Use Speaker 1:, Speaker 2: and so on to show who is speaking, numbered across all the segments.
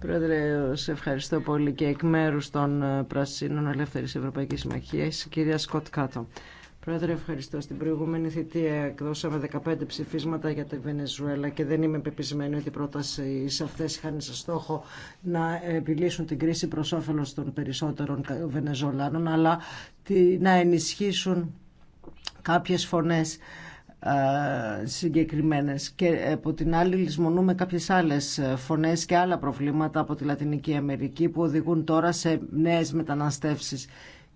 Speaker 1: Πρόεδρε, σε ευχαριστώ πολύ και εκ μέρους των ε, Πρασίνων Ελεύθερης Ευρωπαϊκής Συμμαχίας, κυρία Σκοτ Κάτω. Πρόεδρε, ευχαριστώ. Στην προηγούμενη θητεία εκδώσαμε 15 ψηφίσματα για τη Βενεζουέλα και δεν είμαι πεπισμένη ότι οι πρόταση αυτέ είχαν σε στόχο να επιλύσουν την κρίση προ όφελο των περισσότερων Βενεζολάνων, αλλά να ενισχύσουν κάποιε φωνέ συγκεκριμένες και ε, από την άλλη λησμονούμε κάποιες άλλες φωνές και άλλα προβλήματα από τη Λατινική Αμερική που οδηγούν τώρα σε νέες μεταναστεύσεις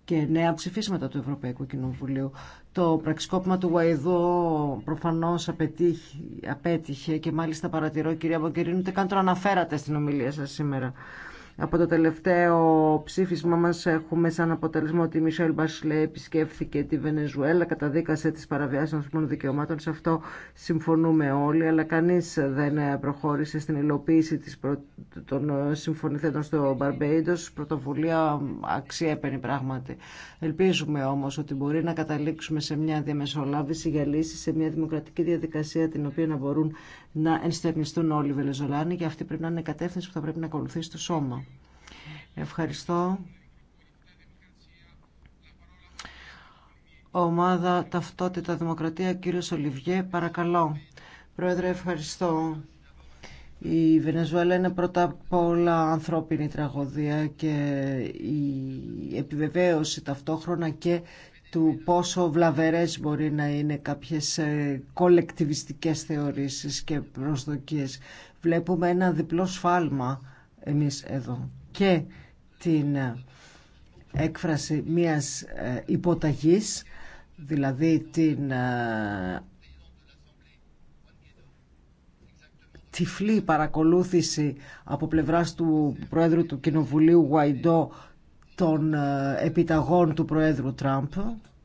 Speaker 1: και νέα ψηφίσματα του Ευρωπαϊκού Κοινοβουλίου. Το πραξικόπημα του Γουαϊδό προφανώς απέτυχε και μάλιστα παρατηρώ κυρία Μπογκερίνου, ότι καν το αναφέρατε στην ομιλία σας σήμερα. Από το τελευταίο ψήφισμα μας έχουμε σαν αποτελέσμα ότι η Μισελ Μπασλέ επισκέφθηκε τη Βενεζουέλα, καταδίκασε τις παραβιάσεις των δικαιωμάτων. Σε αυτό συμφωνούμε όλοι, αλλά κανείς δεν προχώρησε στην υλοποίηση της προ... των συμφωνηθέντων στο Μπαρμπέιντος. Πρωτοβουλία αξιέπαινη πράγματι. Ελπίζουμε όμως ότι μπορεί να καταλήξουμε σε μια διαμεσολάβηση για λύση, σε μια δημοκρατική διαδικασία την οποία να μπορούν να ενστερνιστούν όλοι οι Βελεζολάνοι και αυτή πρέπει να είναι η κατεύθυνση που θα πρέπει να ακολουθήσει το σώμα. Ευχαριστώ. Ομάδα Ταυτότητα Δημοκρατία, κύριος Ολιβιέ, παρακαλώ. Πρόεδρε, ευχαριστώ. Η Βενεζουέλα είναι πρώτα απ' όλα ανθρώπινη τραγωδία και η επιβεβαίωση ταυτόχρονα και του πόσο βλαβερές μπορεί να είναι κάποιες ε, κολεκτιβιστικές θεωρήσεις και προσδοκίες. Βλέπουμε ένα διπλό σφάλμα εμείς εδώ και την ε, έκφραση μιας ε, υποταγής, δηλαδή την τυφλή παρακολούθηση από πλευράς του Πρόεδρου του Κοινοβουλίου Γουαϊντό των ε, επιταγών του Προέδρου Τραμπ.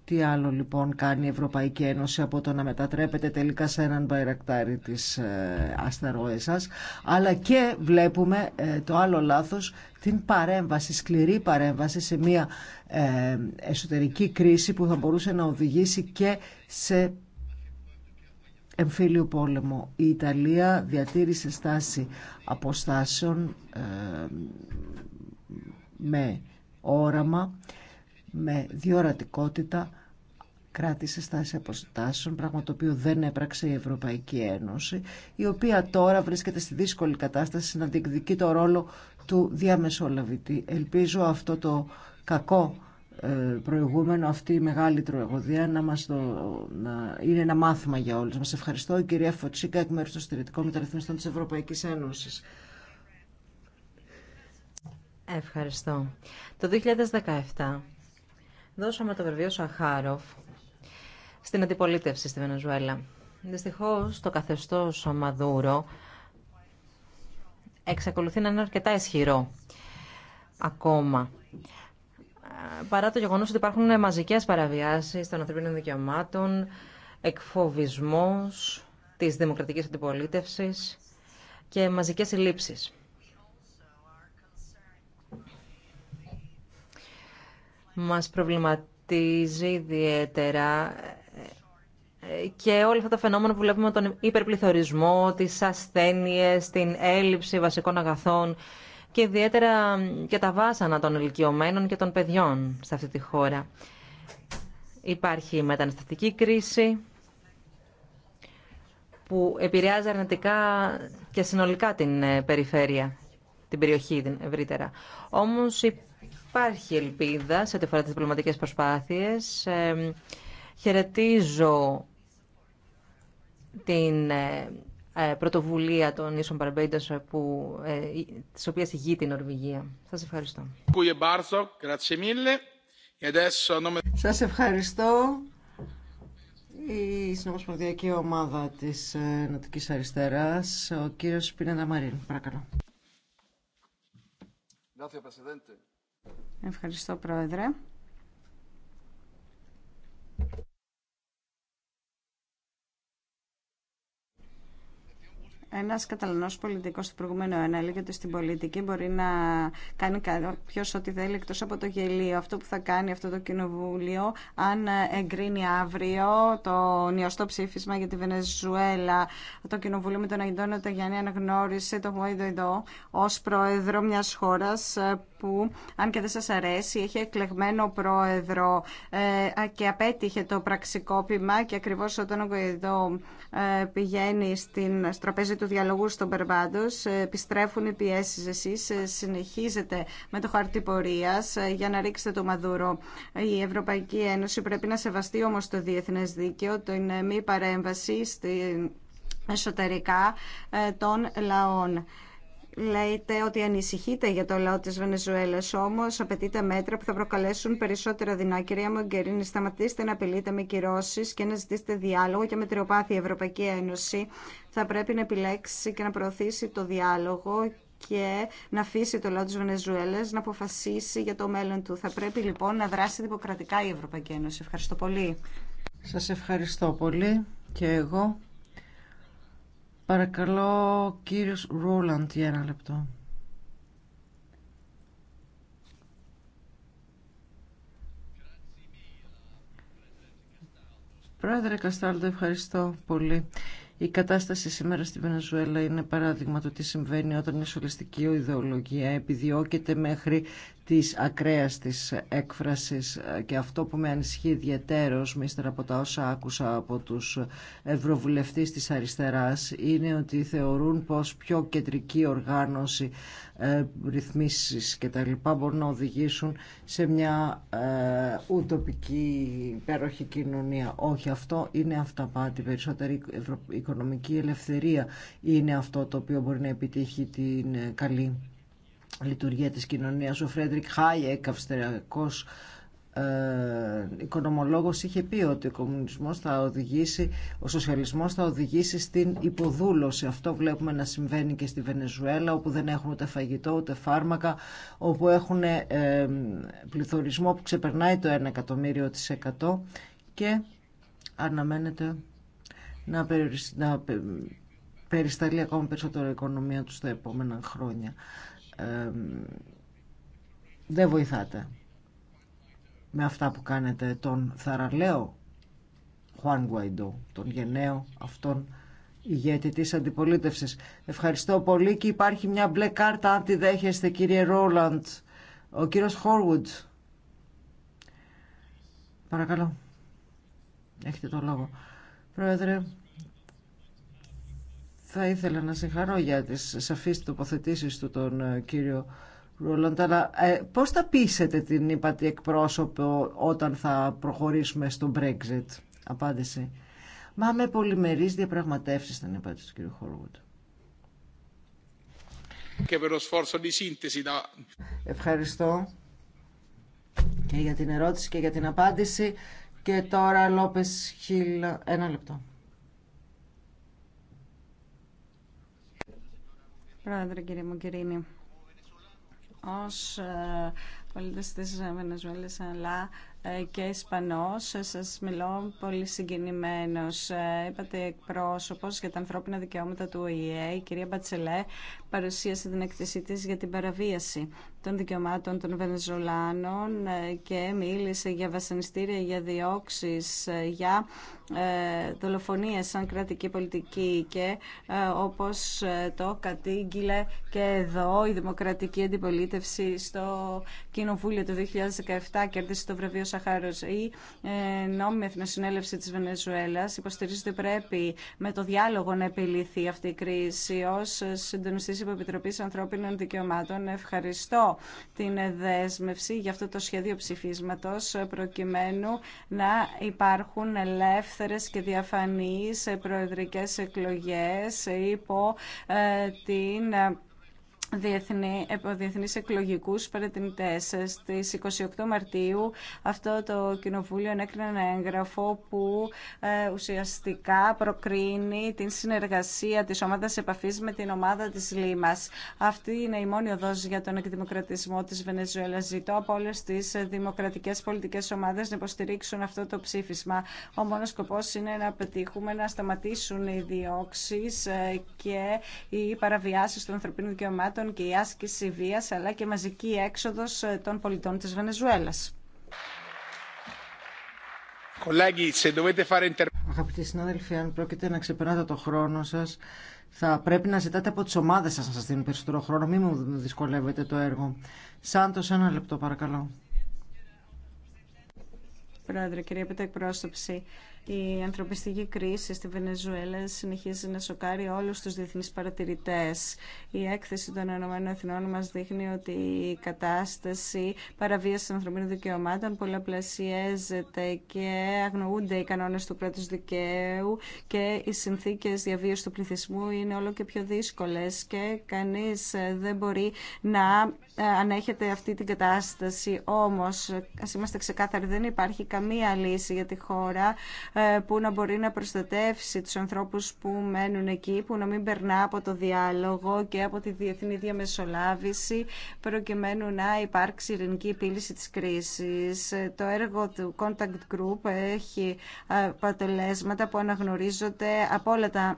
Speaker 1: Τι άλλο λοιπόν κάνει η Ευρωπαϊκή Ένωση από το να μετατρέπεται τελικά σε έναν μπαϊρακτάρι της ε, αστερόεσας. Αλλά και βλέπουμε ε, το άλλο λάθος την παρέμβαση, σκληρή παρέμβαση σε μια εσωτερική κρίση που θα μπορούσε να οδηγήσει και σε εμφύλιο πόλεμο. Η Ιταλία διατήρησε στάση αποστάσεων με όραμα, με διορατικότητα, κράτησε στάση αποστάσεων, πράγμα το οποίο δεν έπραξε η Ευρωπαϊκή Ένωση, η οποία τώρα βρίσκεται στη δύσκολη κατάσταση να διεκδικεί το ρόλο του διαμεσολαβητή. Ελπίζω αυτό το κακό ε, προηγούμενο αυτή η μεγάλη τροεγωδία να, μας να είναι ένα μάθημα για όλους. Μας ευχαριστώ κυρία Φωτσίκα εκ μέρους των στηρητικών μεταρρυθμιστών της Ευρωπαϊκής Ένωσης.
Speaker 2: Ευχαριστώ. Το 2017 δώσαμε το βραβείο Σαχάροφ στην αντιπολίτευση στη Βενεζουέλα. Δυστυχώ, το καθεστώς Μαδούρο εξακολουθεί να είναι αρκετά ισχυρό ακόμα. Παρά το γεγονός ότι υπάρχουν μαζικέ παραβιάσεις των ανθρωπίνων δικαιωμάτων, εκφοβισμό της δημοκρατικής αντιπολίτευσης και μαζικέ συλλήψει. Μας προβληματίζει ιδιαίτερα ε, και όλα αυτά τα φαινόμενα που βλέπουμε τον υπερπληθωρισμό, τις ασθένειες, την έλλειψη βασικών αγαθών και ιδιαίτερα και τα βάσανα των ηλικιωμένων και των παιδιών σε αυτή τη χώρα. Υπάρχει η μεταναστευτική κρίση που επηρεάζει αρνητικά και συνολικά την ε, περιφέρεια, την περιοχή την ευρύτερα. Όμως υπάρχει ελπίδα σε ό,τι αφορά τι διπλωματικέ προσπάθειες. χαιρετίζω την ε, ε, πρωτοβουλία των Ίσων Παρμπέιντος ε, που, ε, της οποίας ηγεί την Νορβηγία. Σας ευχαριστώ. Σας ευχαριστώ. Η Συνομοσπονδιακή
Speaker 1: Ομάδα της Νοτικής Αριστεράς, ο κύριος Πινέντα Μαρίν. Παρακαλώ.
Speaker 3: Ευχαριστώ, Πρόεδρε. Ένα Καταλανό πολιτικό του προηγούμενου ένα έλεγε ότι στην πολιτική μπορεί να κάνει ποιο, ό,τι θέλει εκτό από το γελίο. Αυτό που θα κάνει αυτό το κοινοβούλιο, αν εγκρίνει αύριο το νιωστό ψήφισμα για τη Βενεζουέλα, το κοινοβούλιο με τον Αγιντόνιο Ταγιάννη αναγνώρισε τον Γουαϊδοϊδό ω πρόεδρο μια χώρα που, αν και δεν σας αρέσει, έχει εκλεγμένο πρόεδρο ε, και απέτυχε το πραξικόπημα και ακριβώς όταν ο Γκοϊδό ε, πηγαίνει στην στροπέζη του διαλογού στον Περβάντος, ε, επιστρέφουν οι πιέσεις εσείς, συνεχίζετε με το χαρτί για να ρίξετε το Μαδούρο. Η Ευρωπαϊκή Ένωση πρέπει να σεβαστεί όμως το διεθνές δίκαιο, την μη παρέμβαση στην εσωτερικά των λαών. Λέτε ότι ανησυχείτε για το λαό τη Βενεζουέλας, όμω απαιτείτε μέτρα που θα προκαλέσουν περισσότερα δεινά. Κυρία Μογκερίνη, σταματήστε να απειλείτε με κυρώσει και να ζητήσετε διάλογο και με τριοπάθεια η Ευρωπαϊκή Ένωση. Θα πρέπει να επιλέξει και να προωθήσει το διάλογο και να αφήσει το λαό τη Βενεζουέλας να αποφασίσει για το μέλλον του. Θα πρέπει λοιπόν να δράσει δημοκρατικά η Ευρωπαϊκή Ένωση. Ευχαριστώ πολύ.
Speaker 1: Σα ευχαριστώ πολύ και εγώ. Παρακαλώ κύριος Ρούλαντ, για ένα λεπτό. Πρόεδρε Καστάλτο, ευχαριστώ πολύ. Η κατάσταση σήμερα στη Βενεζουέλα είναι παράδειγμα του τι συμβαίνει όταν η σολιστική ιδεολογία επιδιώκεται μέχρι της ακραίας της έκφρασης και αυτό που με ανησυχεί ιδιαιτέρως μίστερα από τα όσα άκουσα από τους ευρωβουλευτές της αριστεράς είναι ότι θεωρούν πως πιο κεντρική οργάνωση ε, ρυθμίσεις και τα λοιπά μπορούν να οδηγήσουν σε μια ε, ουτοπική υπέροχη κοινωνία. Όχι, αυτό είναι αυταπάτη. Περισσότερη οικονομική ελευθερία είναι αυτό το οποίο μπορεί να επιτύχει την ε, καλή λειτουργία της κοινωνίας. Ο Φρέντρικ Χάιεκ, αυστριακός ε, οικονομολόγος είχε πει ότι ο κομμουνισμός θα οδηγήσει, ο σοσιαλισμός θα οδηγήσει στην υποδούλωση. Αυτό βλέπουμε να συμβαίνει και στη Βενεζουέλα όπου δεν έχουν ούτε φαγητό ούτε φάρμακα, όπου έχουν ε, πληθωρισμό που ξεπερνάει το 1 εκατομμύριο της 100 και αναμένεται να, περισταλεί ακόμα περισσότερο η οικονομία του τα επόμενα χρόνια δεν βοηθάτε με αυτά που κάνετε τον θαραλέο Χουάν Γουάιντο, τον γενναίο αυτόν ηγέτη της αντιπολίτευσης. Ευχαριστώ πολύ και υπάρχει μια μπλε κάρτα αν τη δέχεστε κύριε Ρόλαντ. Ο κύριος Χόρουντ. Παρακαλώ. Έχετε το λόγο. Πρόεδρε, θα ήθελα να συγχαρώ για τις σαφείς τοποθετήσεις του τον ε, κύριο Ρόλαντ, αλλά ε, πώς θα πείσετε την είπατε εκπρόσωπο όταν θα προχωρήσουμε στο Brexit. Απάντηση. Μα με πολυμερείς διαπραγματεύσεις την απάντηση του κύριου da... Ευχαριστώ και για την ερώτηση και για την απάντηση. Και τώρα Λόπες Χίλ, ένα λεπτό.
Speaker 3: Πρόεδρε, κύριε Μογκερίνη, ως ε, πολίτη τη Βενεζουέλη, αλλά ε, και Ισπανό, ε, σα μιλώ πολύ συγκινημένος. Είπατε εκπρόσωπο για τα ανθρώπινα δικαιώματα του ΟΗΕ, η κυρία Μπατσελέ, παρουσίασε την έκθεση τη για την παραβίαση των δικαιωμάτων των Βενεζολάνων ε, και μίλησε για βασανιστήρια, για διώξεις, ε, για ε, δολοφονίες σαν κρατική πολιτική και όπως το κατήγγειλε και εδώ η Δημοκρατική Αντιπολίτευση στο Κοινοβούλιο του 2017 κέρδισε το βραβείο Σαχάρος η νόμιμη Εθνοσυνέλευση της Βενεζουέλας υποστηρίζει ότι πρέπει με το διάλογο να επιλύθει αυτή η κρίση ως συντονιστής Υποεπιτροπής Ανθρώπινων Δικαιωμάτων ευχαριστώ την δέσμευση για αυτό το σχέδιο ψηφίσματος προκειμένου να υπάρχουν ελεύθερες και διαφανείς προεδρικές εκλογές υπό ε, την διεθνή, ε, διεθνείς εκλογικούς Στι 28 Μαρτίου αυτό το κοινοβούλιο ενέκρινε ένα έγγραφο που ε, ουσιαστικά προκρίνει την συνεργασία της ομάδας επαφής με την ομάδα της Λίμας. Αυτή είναι η μόνη οδός για τον εκδημοκρατισμό της Βενεζουέλα. Ζητώ από όλε τις δημοκρατικές πολιτικές ομάδες να υποστηρίξουν αυτό το ψήφισμα. Ο μόνος σκοπός είναι να πετύχουμε να σταματήσουν οι διώξεις ε, και οι παραβιάσει των ανθρωπίνων δικαιωμάτων και η άσκηση βίας αλλά και μαζική έξοδος ε, των πολιτών της Βενεζουέλας. Αγαπητοί συνάδελφοι, αν πρόκειται να
Speaker 1: ξεπεράσετε το χρόνο σας, θα πρέπει να ζητάτε από τις ομάδες σας να σας δίνουν περισσότερο χρόνο. Μην μου δυσκολεύετε το έργο. Σάντος, ένα λεπτό παρακαλώ.
Speaker 3: Πρόεδρε, κυρία η ανθρωπιστική κρίση στη Βενεζουέλα συνεχίζει να σοκάρει όλου του διεθνεί παρατηρητέ. Η έκθεση των ΗΕ μα δείχνει ότι η κατάσταση παραβίαση των ανθρωπίνων δικαιωμάτων πολλαπλασιέζεται και αγνοούνται οι κανόνε του κράτου δικαίου και οι συνθήκε διαβίωση του πληθυσμού είναι όλο και πιο δύσκολε. και κανείς δεν μπορεί να ε, ανέχεται αυτή την κατάσταση. Όμως, α είμαστε ξεκάθαροι, δεν υπάρχει καμία λύση για τη χώρα ε, που να μπορεί να προστατεύσει τους ανθρώπους που μένουν εκεί, που να μην περνά από το διάλογο και από τη διεθνή διαμεσολάβηση, προκειμένου να υπάρξει ειρηνική επίλυση της κρίσης. Ε, το έργο του Contact Group έχει ε, αποτελέσματα που αναγνωρίζονται από όλα τα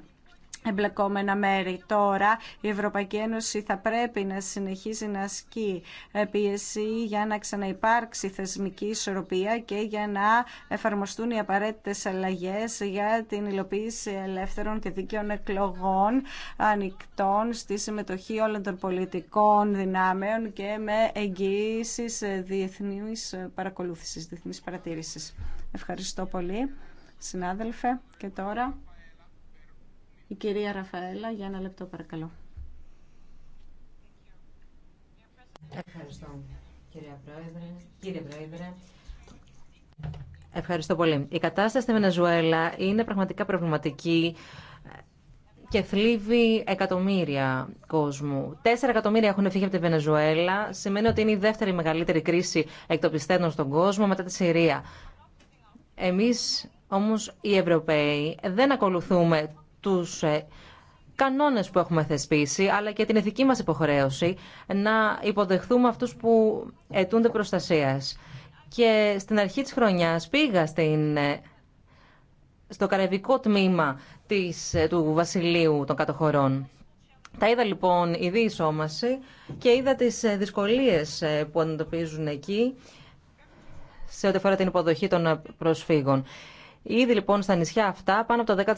Speaker 3: εμπλεκόμενα μέρη. Τώρα η Ευρωπαϊκή Ένωση θα πρέπει να συνεχίζει να ασκεί πίεση για να ξαναυπάρξει θεσμική ισορροπία και για να εφαρμοστούν οι απαραίτητες αλλαγές για την υλοποίηση ελεύθερων και δίκαιων εκλογών ανοιχτών στη συμμετοχή όλων των πολιτικών δυνάμεων και με εγγύησης διεθνής παρακολούθησης, διεθνής παρατήρησης. Ευχαριστώ πολύ, συνάδελφε. Και τώρα... Η κυρία Ραφαέλα, για ένα λεπτό παρακαλώ.
Speaker 2: Ευχαριστώ, κυρία Πρόεδρε. Κύριε Πρόεδρε. Ευχαριστώ πολύ. Η κατάσταση στη Βενεζουέλα είναι πραγματικά προβληματική και θλίβει εκατομμύρια κόσμου. Τέσσερα εκατομμύρια έχουν φύγει από τη Βενεζουέλα. Σημαίνει ότι είναι η δεύτερη μεγαλύτερη κρίση εκτοπιστέντων στον κόσμο μετά τη Συρία. Εμείς όμως οι Ευρωπαίοι δεν ακολουθούμε τους ε, κανόνες που έχουμε θεσπίσει, αλλά και την ηθική μας υποχρέωση να υποδεχθούμε αυτούς που αιτούνται προστασίας. Και στην αρχή της χρονιάς πήγα ε, στο καρεβικό τμήμα της, ε, του Βασιλείου των Κατοχωρών. Τα είδα λοιπόν η διεισόμαση και είδα τις δυσκολίες που αντιμετωπίζουν εκεί σε ό,τι αφορά την υποδοχή των προσφύγων. Ήδη λοιπόν στα νησιά αυτά πάνω από το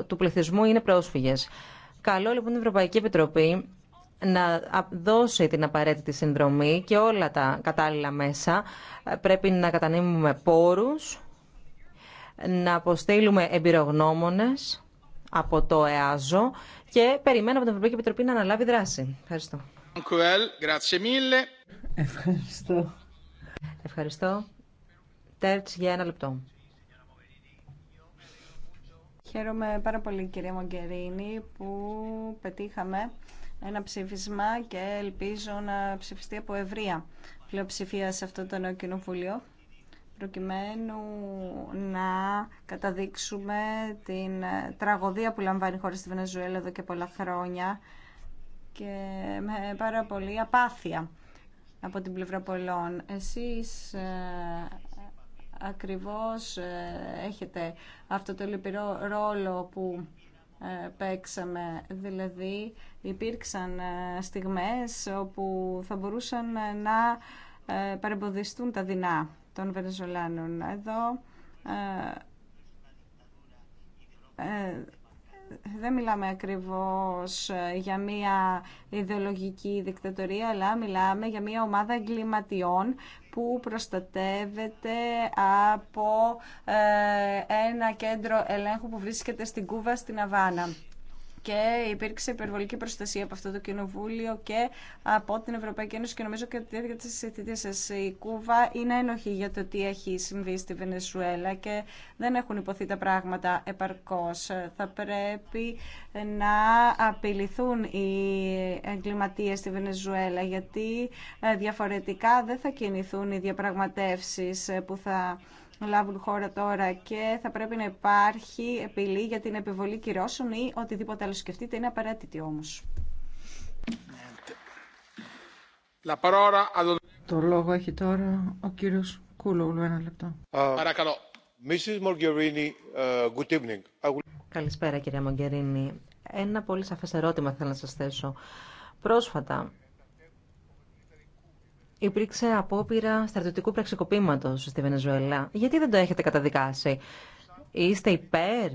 Speaker 2: 10% του πληθυσμού είναι πρόσφυγες. Καλό λοιπόν την Ευρωπαϊκή Επιτροπή να δώσει την απαραίτητη συνδρομή και όλα τα κατάλληλα μέσα. Πρέπει να κατανείμουμε πόρους, να αποστείλουμε εμπειρογνώμονες από το ΕΑΖΟ και περιμένω από την Ευρωπαϊκή Επιτροπή να αναλάβει δράση. Ευχαριστώ. Ευχαριστώ. Ευχαριστώ. Τέρτς για ένα λεπτό. Χαίρομαι πάρα
Speaker 3: πολύ κυρία Μογκερίνη που πετύχαμε ένα ψήφισμα και ελπίζω να ψηφιστεί από ευρεία πλειοψηφία σε αυτό το νέο κοινοβούλιο προκειμένου να καταδείξουμε την τραγωδία που λαμβάνει η χώρα στη Βενεζουέλα εδώ και πολλά χρόνια και με πάρα πολύ απάθεια από την πλευρά πολλών. Ε, ακριβώς ε, έχετε αυτό το λυπηρό ρόλο που ε, παίξαμε. Δηλαδή υπήρξαν ε, στιγμές όπου θα μπορούσαν να παρεμποδιστούν τα δεινά των Βενεζολάνων. Εδώ δεν μιλάμε ακριβώς ε, για μια ιδεολογική δικτατορία, αλλά μιλάμε για μια ομάδα εγκληματιών που προστατεύεται από ε, ένα κέντρο ελέγχου που βρίσκεται στην Κούβα, στην Αβάνα και υπήρξε υπερβολική προστασία από αυτό το κοινοβούλιο και από την Ευρωπαϊκή Ένωση και νομίζω και τη διάρκεια τη συζητητή σα. Η Κούβα είναι ένοχη για το τι έχει συμβεί στη Βενεζουέλα και δεν έχουν υποθεί τα πράγματα επαρκώ. Θα πρέπει να απειληθούν οι εγκληματίε στη Βενεζουέλα γιατί ε, διαφορετικά δεν θα κινηθούν οι διαπραγματεύσει ε, που θα λάβουν χώρα τώρα και θα πρέπει να υπάρχει επιλή για την επιβολή κυρώσεων ή οτιδήποτε άλλο σκεφτείτε είναι απαραίτητη όμως.
Speaker 1: Το λόγο έχει τώρα ο κύριος Κούλογλου, ένα
Speaker 4: λεπτό. Παρακαλώ. Ε,
Speaker 2: Καλησπέρα κυρία Μογκερίνη. Ένα πολύ σαφές ερώτημα θέλω να σας θέσω. Πρόσφατα υπήρξε απόπειρα στρατιωτικού πραξικοπήματος στη Βενεζουέλα. Γιατί δεν το έχετε καταδικάσει. Είστε υπέρ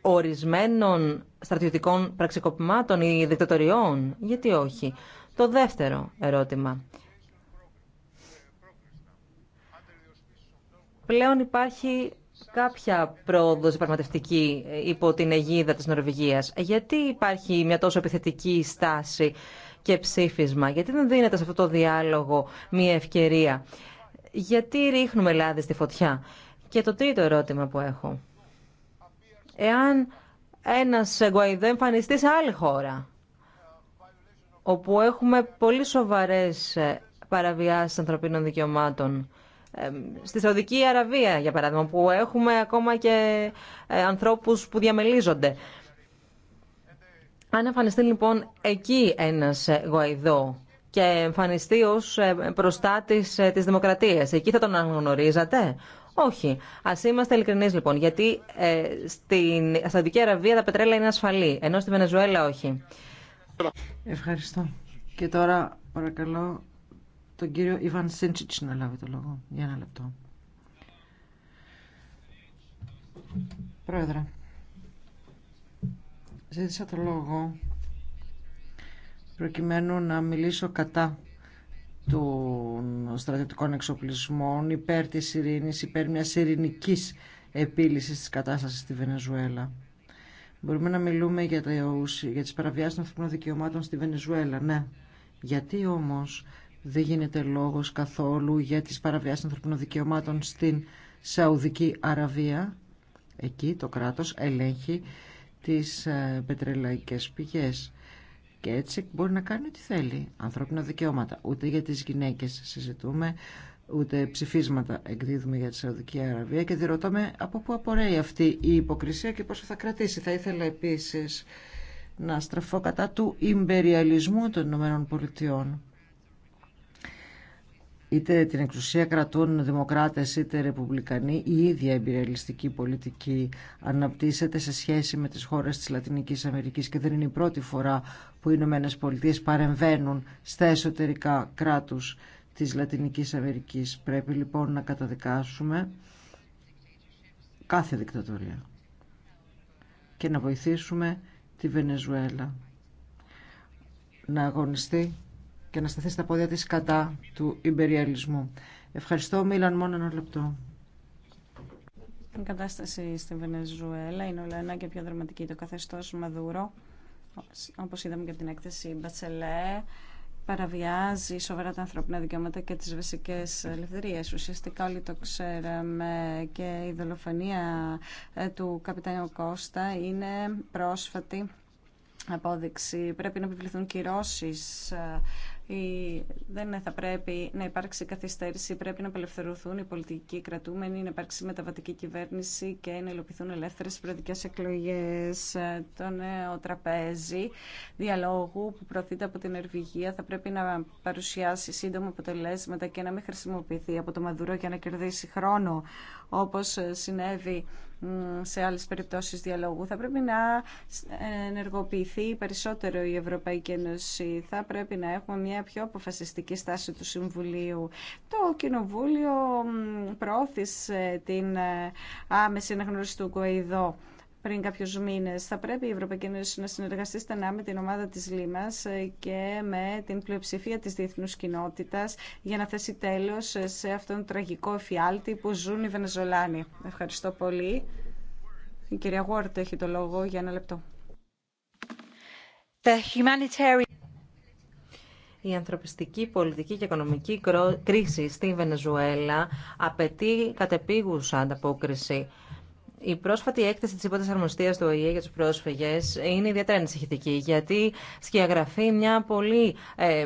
Speaker 2: ορισμένων στρατιωτικών πραξικοπημάτων ή δικτατοριών. Γιατί όχι. Το δεύτερο ερώτημα. Πλέον υπάρχει κάποια πρόοδος πραγματευτική υπό την αιγίδα της Νορβηγίας. Γιατί υπάρχει μια τόσο επιθετική στάση και ψήφισμα. Γιατί δεν δίνεται σε αυτό το διάλογο μία ευκαιρία. Γιατί ρίχνουμε λάδι στη φωτιά. Και το τρίτο ερώτημα που έχω. Εάν ένας Γκουαϊδό εμφανιστεί σε άλλη χώρα, όπου έχουμε πολύ σοβαρές ε, παραβιάσεις ανθρωπίνων δικαιωμάτων, ε, στη Σαουδική Αραβία, για παράδειγμα, που έχουμε ακόμα και ε, ανθρώπους που διαμελίζονται. Αν εμφανιστεί λοιπόν εκεί ένας ε, Γουαϊδό και εμφανιστεί ως ε, προστάτης ε, της δημοκρατίας, εκεί θα τον αναγνωρίζατε. Όχι. Α είμαστε ειλικρινεί λοιπόν, γιατί ε, στην Σαουδική Αραβία τα πετρέλα είναι ασφαλή, ενώ στη Βενεζουέλα όχι. Ευχαριστώ. Και τώρα παρακαλώ τον κύριο Ιβαν Σίντσιτς να λάβει το λόγο. Για ένα
Speaker 1: λεπτό. Πρόεδρε, Ζήτησα το λόγο προκειμένου να μιλήσω κατά των στρατιωτικών εξοπλισμών υπέρ της ειρήνης, υπέρ μιας ειρηνικής επίλυσης της κατάστασης στη Βενεζουέλα. Μπορούμε να μιλούμε για, τα, για τις παραβιάσεις των ανθρωπίνων δικαιωμάτων στη Βενεζουέλα, ναι. Γιατί όμως δεν γίνεται λόγος καθόλου για τις παραβιάσεις των ανθρωπίνων δικαιωμάτων στην Σαουδική Αραβία. Εκεί το κράτος ελέγχει τις ε, πετρελαϊκές πηγές και έτσι μπορεί να κάνει ό,τι θέλει ανθρώπινα δικαιώματα ούτε για τις γυναίκες συζητούμε ούτε ψηφίσματα εκδίδουμε για τη Σαουδική Αραβία και ρωτάμε από πού απορρέει αυτή η υποκρισία και πόσο θα κρατήσει. Θα ήθελα επίσης να στραφώ κατά του ιμπεριαλισμού των Ηνωμένων Πολιτειών είτε την εξουσία κρατούν δημοκράτες είτε ρεπουμπλικανοί, η ίδια εμπειριαλιστική πολιτική αναπτύσσεται σε σχέση με τις χώρες της Λατινικής Αμερικής και δεν είναι η πρώτη φορά που οι Ηνωμένε Πολιτείε παρεμβαίνουν στα εσωτερικά κράτους της Λατινικής Αμερικής. Πρέπει λοιπόν να καταδικάσουμε κάθε δικτατορία και να βοηθήσουμε τη Βενεζουέλα να αγωνιστεί και να σταθεί στα πόδια της κατά του υπεριαλισμού. Ευχαριστώ, Μίλαν, μόνο ένα λεπτό.
Speaker 3: Η κατάσταση στη Βενεζουέλα είναι όλο ένα και πιο δραματική. Το καθεστώς Μαδούρο, όπως είδαμε και από την έκθεση Μπατσελέ, παραβιάζει σοβαρά τα ανθρώπινα δικαιώματα και τις βασικές ελευθερίες. Ουσιαστικά όλοι το ξέραμε και η δολοφονία ε, του καπιτάνιου Κώστα είναι πρόσφατη απόδειξη. Πρέπει να επιβληθούν κυρώσεις ε, δεν θα πρέπει να υπάρξει καθυστέρηση, πρέπει να απελευθερωθούν οι πολιτικοί κρατούμενοι, να υπάρξει μεταβατική κυβέρνηση και να υλοποιηθούν ελεύθερες προεδρικέ εκλογές. Ε, το νέο τραπέζι διαλόγου που προωθείται από την Ερβηγία θα πρέπει να παρουσιάσει σύντομα αποτελέσματα και να μην χρησιμοποιηθεί από το Μαδουρό για να κερδίσει χρόνο όπω συνέβη σε άλλες περιπτώσεις διαλόγου. Θα πρέπει να ενεργοποιηθεί περισσότερο η Ευρωπαϊκή Ένωση. Θα πρέπει να έχουμε μια πιο αποφασιστική στάση του Συμβουλίου. Το Κοινοβούλιο προώθησε την ε, άμεση αναγνώριση του πριν κάποιου μήνε. Θα πρέπει η Ευρωπαϊκή Ένωση να συνεργαστεί στενά με την ομάδα τη Λίμας ε, και με την πλειοψηφία τη διεθνού κοινότητα για να θέσει τέλο σε αυτόν τον τραγικό εφιάλτη που ζουν οι Βενεζολάνοι. Ευχαριστώ πολύ. Η κυρία Γουόρτ έχει το λόγο για ένα λεπτό.
Speaker 2: The humanitarian... Η ανθρωπιστική, πολιτική και οικονομική κρίση στη Βενεζουέλα απαιτεί κατεπίγουσα ανταπόκριση. Η πρόσφατη έκθεση τη Υπόθεση Αρμοστία του ΟΗΕ για του πρόσφυγε είναι ιδιαίτερα ανησυχητική, γιατί σκιαγραφεί μια πολύ ε,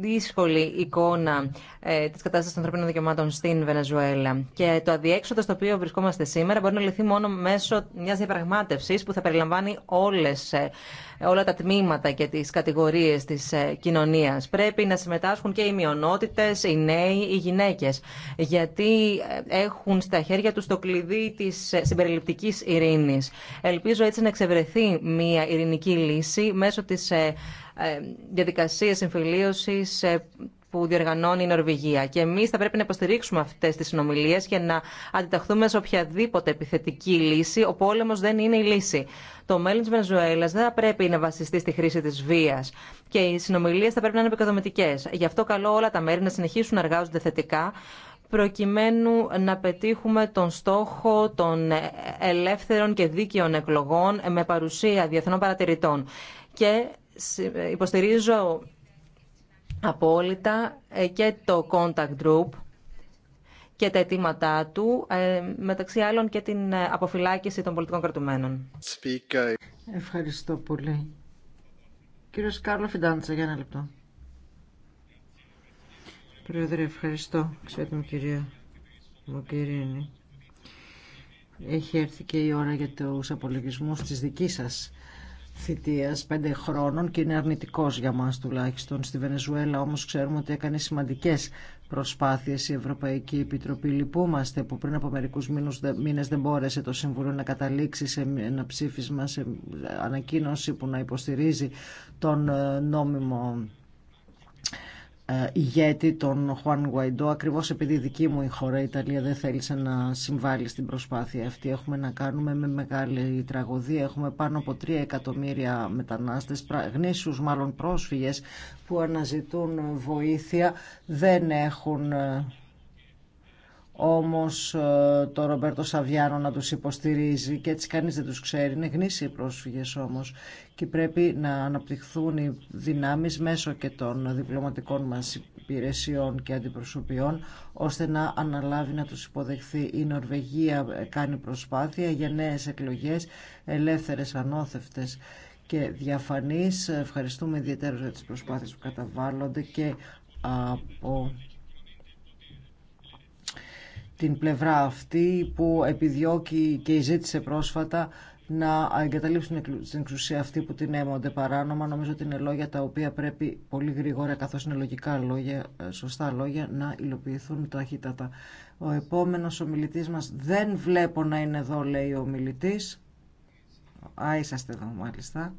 Speaker 2: δύσκολη εικόνα ε, τη κατάσταση των ανθρωπίνων δικαιωμάτων στην Βενεζουέλα. Και το αδιέξοδο στο οποίο βρισκόμαστε σήμερα μπορεί να λυθεί μόνο μέσω μια διαπραγμάτευση που θα περιλαμβάνει όλες, ε, όλα τα τμήματα και τι κατηγορίε τη ε, κοινωνία. Πρέπει να συμμετάσχουν και οι μειονότητε, οι νέοι, οι γυναίκε, γιατί ε, έχουν στα χέρια του το κλειδί τη συμπεριληπτικής ειρήνης. Ελπίζω έτσι να εξευρεθεί μια ειρηνική λύση μέσω της ε, ε, διαδικασίας συμφιλίωσης ε, που διοργανώνει η Νορβηγία. Και εμεί θα πρέπει να υποστηρίξουμε αυτέ τι συνομιλίε και να αντιταχθούμε σε οποιαδήποτε επιθετική λύση. Ο πόλεμο δεν είναι η λύση. Το μέλλον τη Βενεζουέλα δεν θα πρέπει να βασιστεί στη χρήση τη βία. Και οι συνομιλίε θα πρέπει να είναι επικοδομητικέ. Γι' αυτό καλό όλα τα μέρη να συνεχίσουν να εργάζονται θετικά προκειμένου να πετύχουμε τον στόχο των ελεύθερων και δίκαιων εκλογών με παρουσία διεθνών παρατηρητών. Και υποστηρίζω απόλυτα ε, και το contact group και τα αιτήματά του, ε, μεταξύ άλλων και την ε, αποφυλάκηση των πολιτικών κρατουμένων. Ευχαριστώ πολύ. Κύριος Κάρλο Φιντάντσα, για ένα λεπτό.
Speaker 1: Πρόεδρε, ευχαριστώ. Ξέρετε κυρία Μογκερίνη. Έχει έρθει και η ώρα για τους απολογισμούς της δικής σας θητείας πέντε χρόνων και είναι αρνητικός για μας τουλάχιστον. Στη Βενεζουέλα όμως ξέρουμε ότι έκανε σημαντικές προσπάθειες η Ευρωπαϊκή Επιτροπή. Λυπούμαστε που πριν από μερικούς μήνες δεν μπόρεσε το Συμβουλίο να καταλήξει σε ένα ψήφισμα, σε ανακοίνωση που να υποστηρίζει τον ε, νόμιμο ε, ηγέτη τον Χουάν Γουαϊντό ακριβώς επειδή δική μου η χώρα η Ιταλία δεν θέλησε να συμβάλλει στην προσπάθεια αυτή έχουμε να κάνουμε με μεγάλη τραγωδία έχουμε πάνω από 3 εκατομμύρια μετανάστες γνήσιους μάλλον πρόσφυγες που αναζητούν βοήθεια δεν έχουν ε, όμως ε, το Ρομπέρτο Σαβιάνο να τους υποστηρίζει και έτσι κανείς δεν τους ξέρει. Είναι γνήσιοι πρόσφυγες όμως και πρέπει να αναπτυχθούν οι δυνάμεις μέσω και των διπλωματικών μας υπηρεσιών και αντιπροσωπιών ώστε να αναλάβει να τους υποδεχθεί. Η Νορβηγία ε, κάνει προσπάθεια για νέες εκλογές ελεύθερες, ανώθευτες και διαφανείς. Ευχαριστούμε ιδιαίτερα για τις προσπάθειες που καταβάλλονται και από την πλευρά αυτή που επιδιώκει και ζήτησε πρόσφατα να εγκαταλείψουν την εξουσία αυτή που την έμονται παράνομα. Νομίζω ότι είναι λόγια τα οποία πρέπει πολύ γρήγορα, καθώς είναι λογικά λόγια, ε, σωστά λόγια, να υλοποιηθούν ταχύτατα. Ο επόμενος ομιλητής μας δεν βλέπω να είναι εδώ, λέει ο ομιλητής. Α, είσαστε εδώ μάλιστα.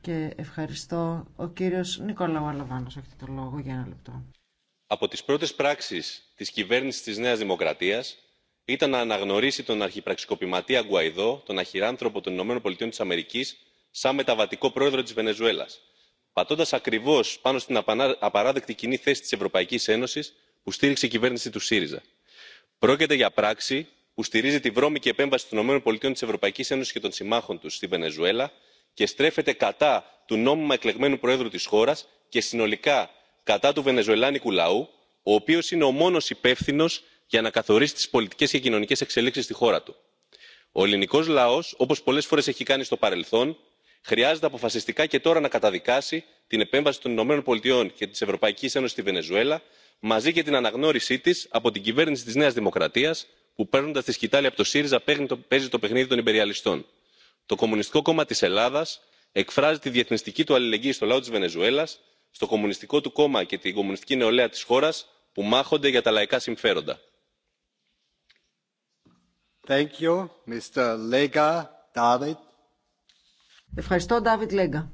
Speaker 1: Και ευχαριστώ. Ο κύριος Νικόλαου Αλαβάνος Έχετε το λόγο για ένα λεπτό
Speaker 4: από τις πρώτες πράξεις της κυβέρνησης της νέας δημοκρατίας ήταν να αναγνωρίσει τον αρχιπραξικοπηματία γκουαϊδό τον αχυράνθρωπο των ηνωμένων πολιτειών της αμερικής σαν μεταβατικό πρόεδρο της βενεζουέλας πατώντας ακριβώς πάνω στην απαράδεκτη κοινή θέση της ευρωπαϊκής ένωσης που στήριξε η κυβέρνηση του σύριζα. πρόκειται για πράξη που στηρίζει τη βρώμικη επέμβαση των ηνωμένων της ευρωπαϊκής ένωσης και των συμμάχων τους στη βενεζουέλα και στρέφεται κατά του νόμιμα εκλεγμένου προέδρου της χώρας και συνολικά κατά του βενεζουελάνικου λαού ο οποίο είναι ο μόνο υπεύθυνο για να καθορίσει τι πολιτικέ και κοινωνικέ εξελίξει στη χώρα του. ο ελληνικό λαό όπω πολλέ φορέ έχει κάνει στο παρελθόν χρειάζεται αποφασιστικά και τώρα να καταδικάσει την επέμβαση των ηνωμένων πολιτειών και τη ευρωπαϊκή ένωση στη βενεζουέλα μαζί και την αναγνώρισή τη από την κυβέρνηση τη νέα δημοκρατία που παίρνοντα τη σκητάλη από το ΣΥΡΙΖΑ παίζει το παιχνίδι των υπεριαλιστών. Το Κομμουνιστικό Κόμμα τη Ελλάδα εκφράζει τη διεθνιστική του αλληλεγγύη στο λαό τη Βενεζουέλα στο κομμουνιστικό του κόμμα και την κομμουνιστική νεολαία της χώρας που μάχονται για τα λαϊκά συμφέροντα.
Speaker 1: Ευχαριστώ, Ντάβιτ Λέγκα.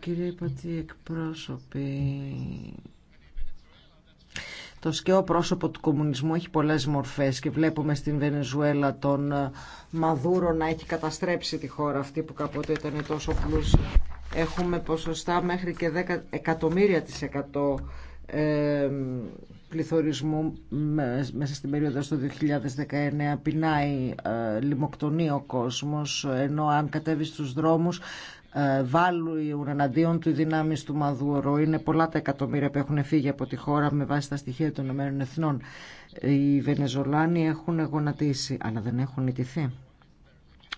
Speaker 1: κύριε Υπατή εκπρόσωποι. Το σκαίο πρόσωπο του κομμουνισμού έχει πολλές μορφές και βλέπουμε στην Βενεζουέλα τον ε, Μαδούρο να έχει καταστρέψει τη χώρα αυτή που κάποτε ήταν τόσο πλούσια. Έχουμε ποσοστά μέχρι και 10 εκατομμύρια της εκατό ε, πληθωρισμού μέσα στην περίοδο στο 2019 πεινάει, ε, λιμοκτονεί ο κόσμος ενώ αν κατέβει στους δρόμους ε, βάλου ουραναντίον του οι δυνάμει του Μαδούρο. Είναι πολλά τα εκατομμύρια που έχουν φύγει από τη χώρα με βάση τα στοιχεία των ΗΕ. Οι Βενεζολάνοι έχουν γονατίσει, αλλά δεν έχουν ιτηθεί.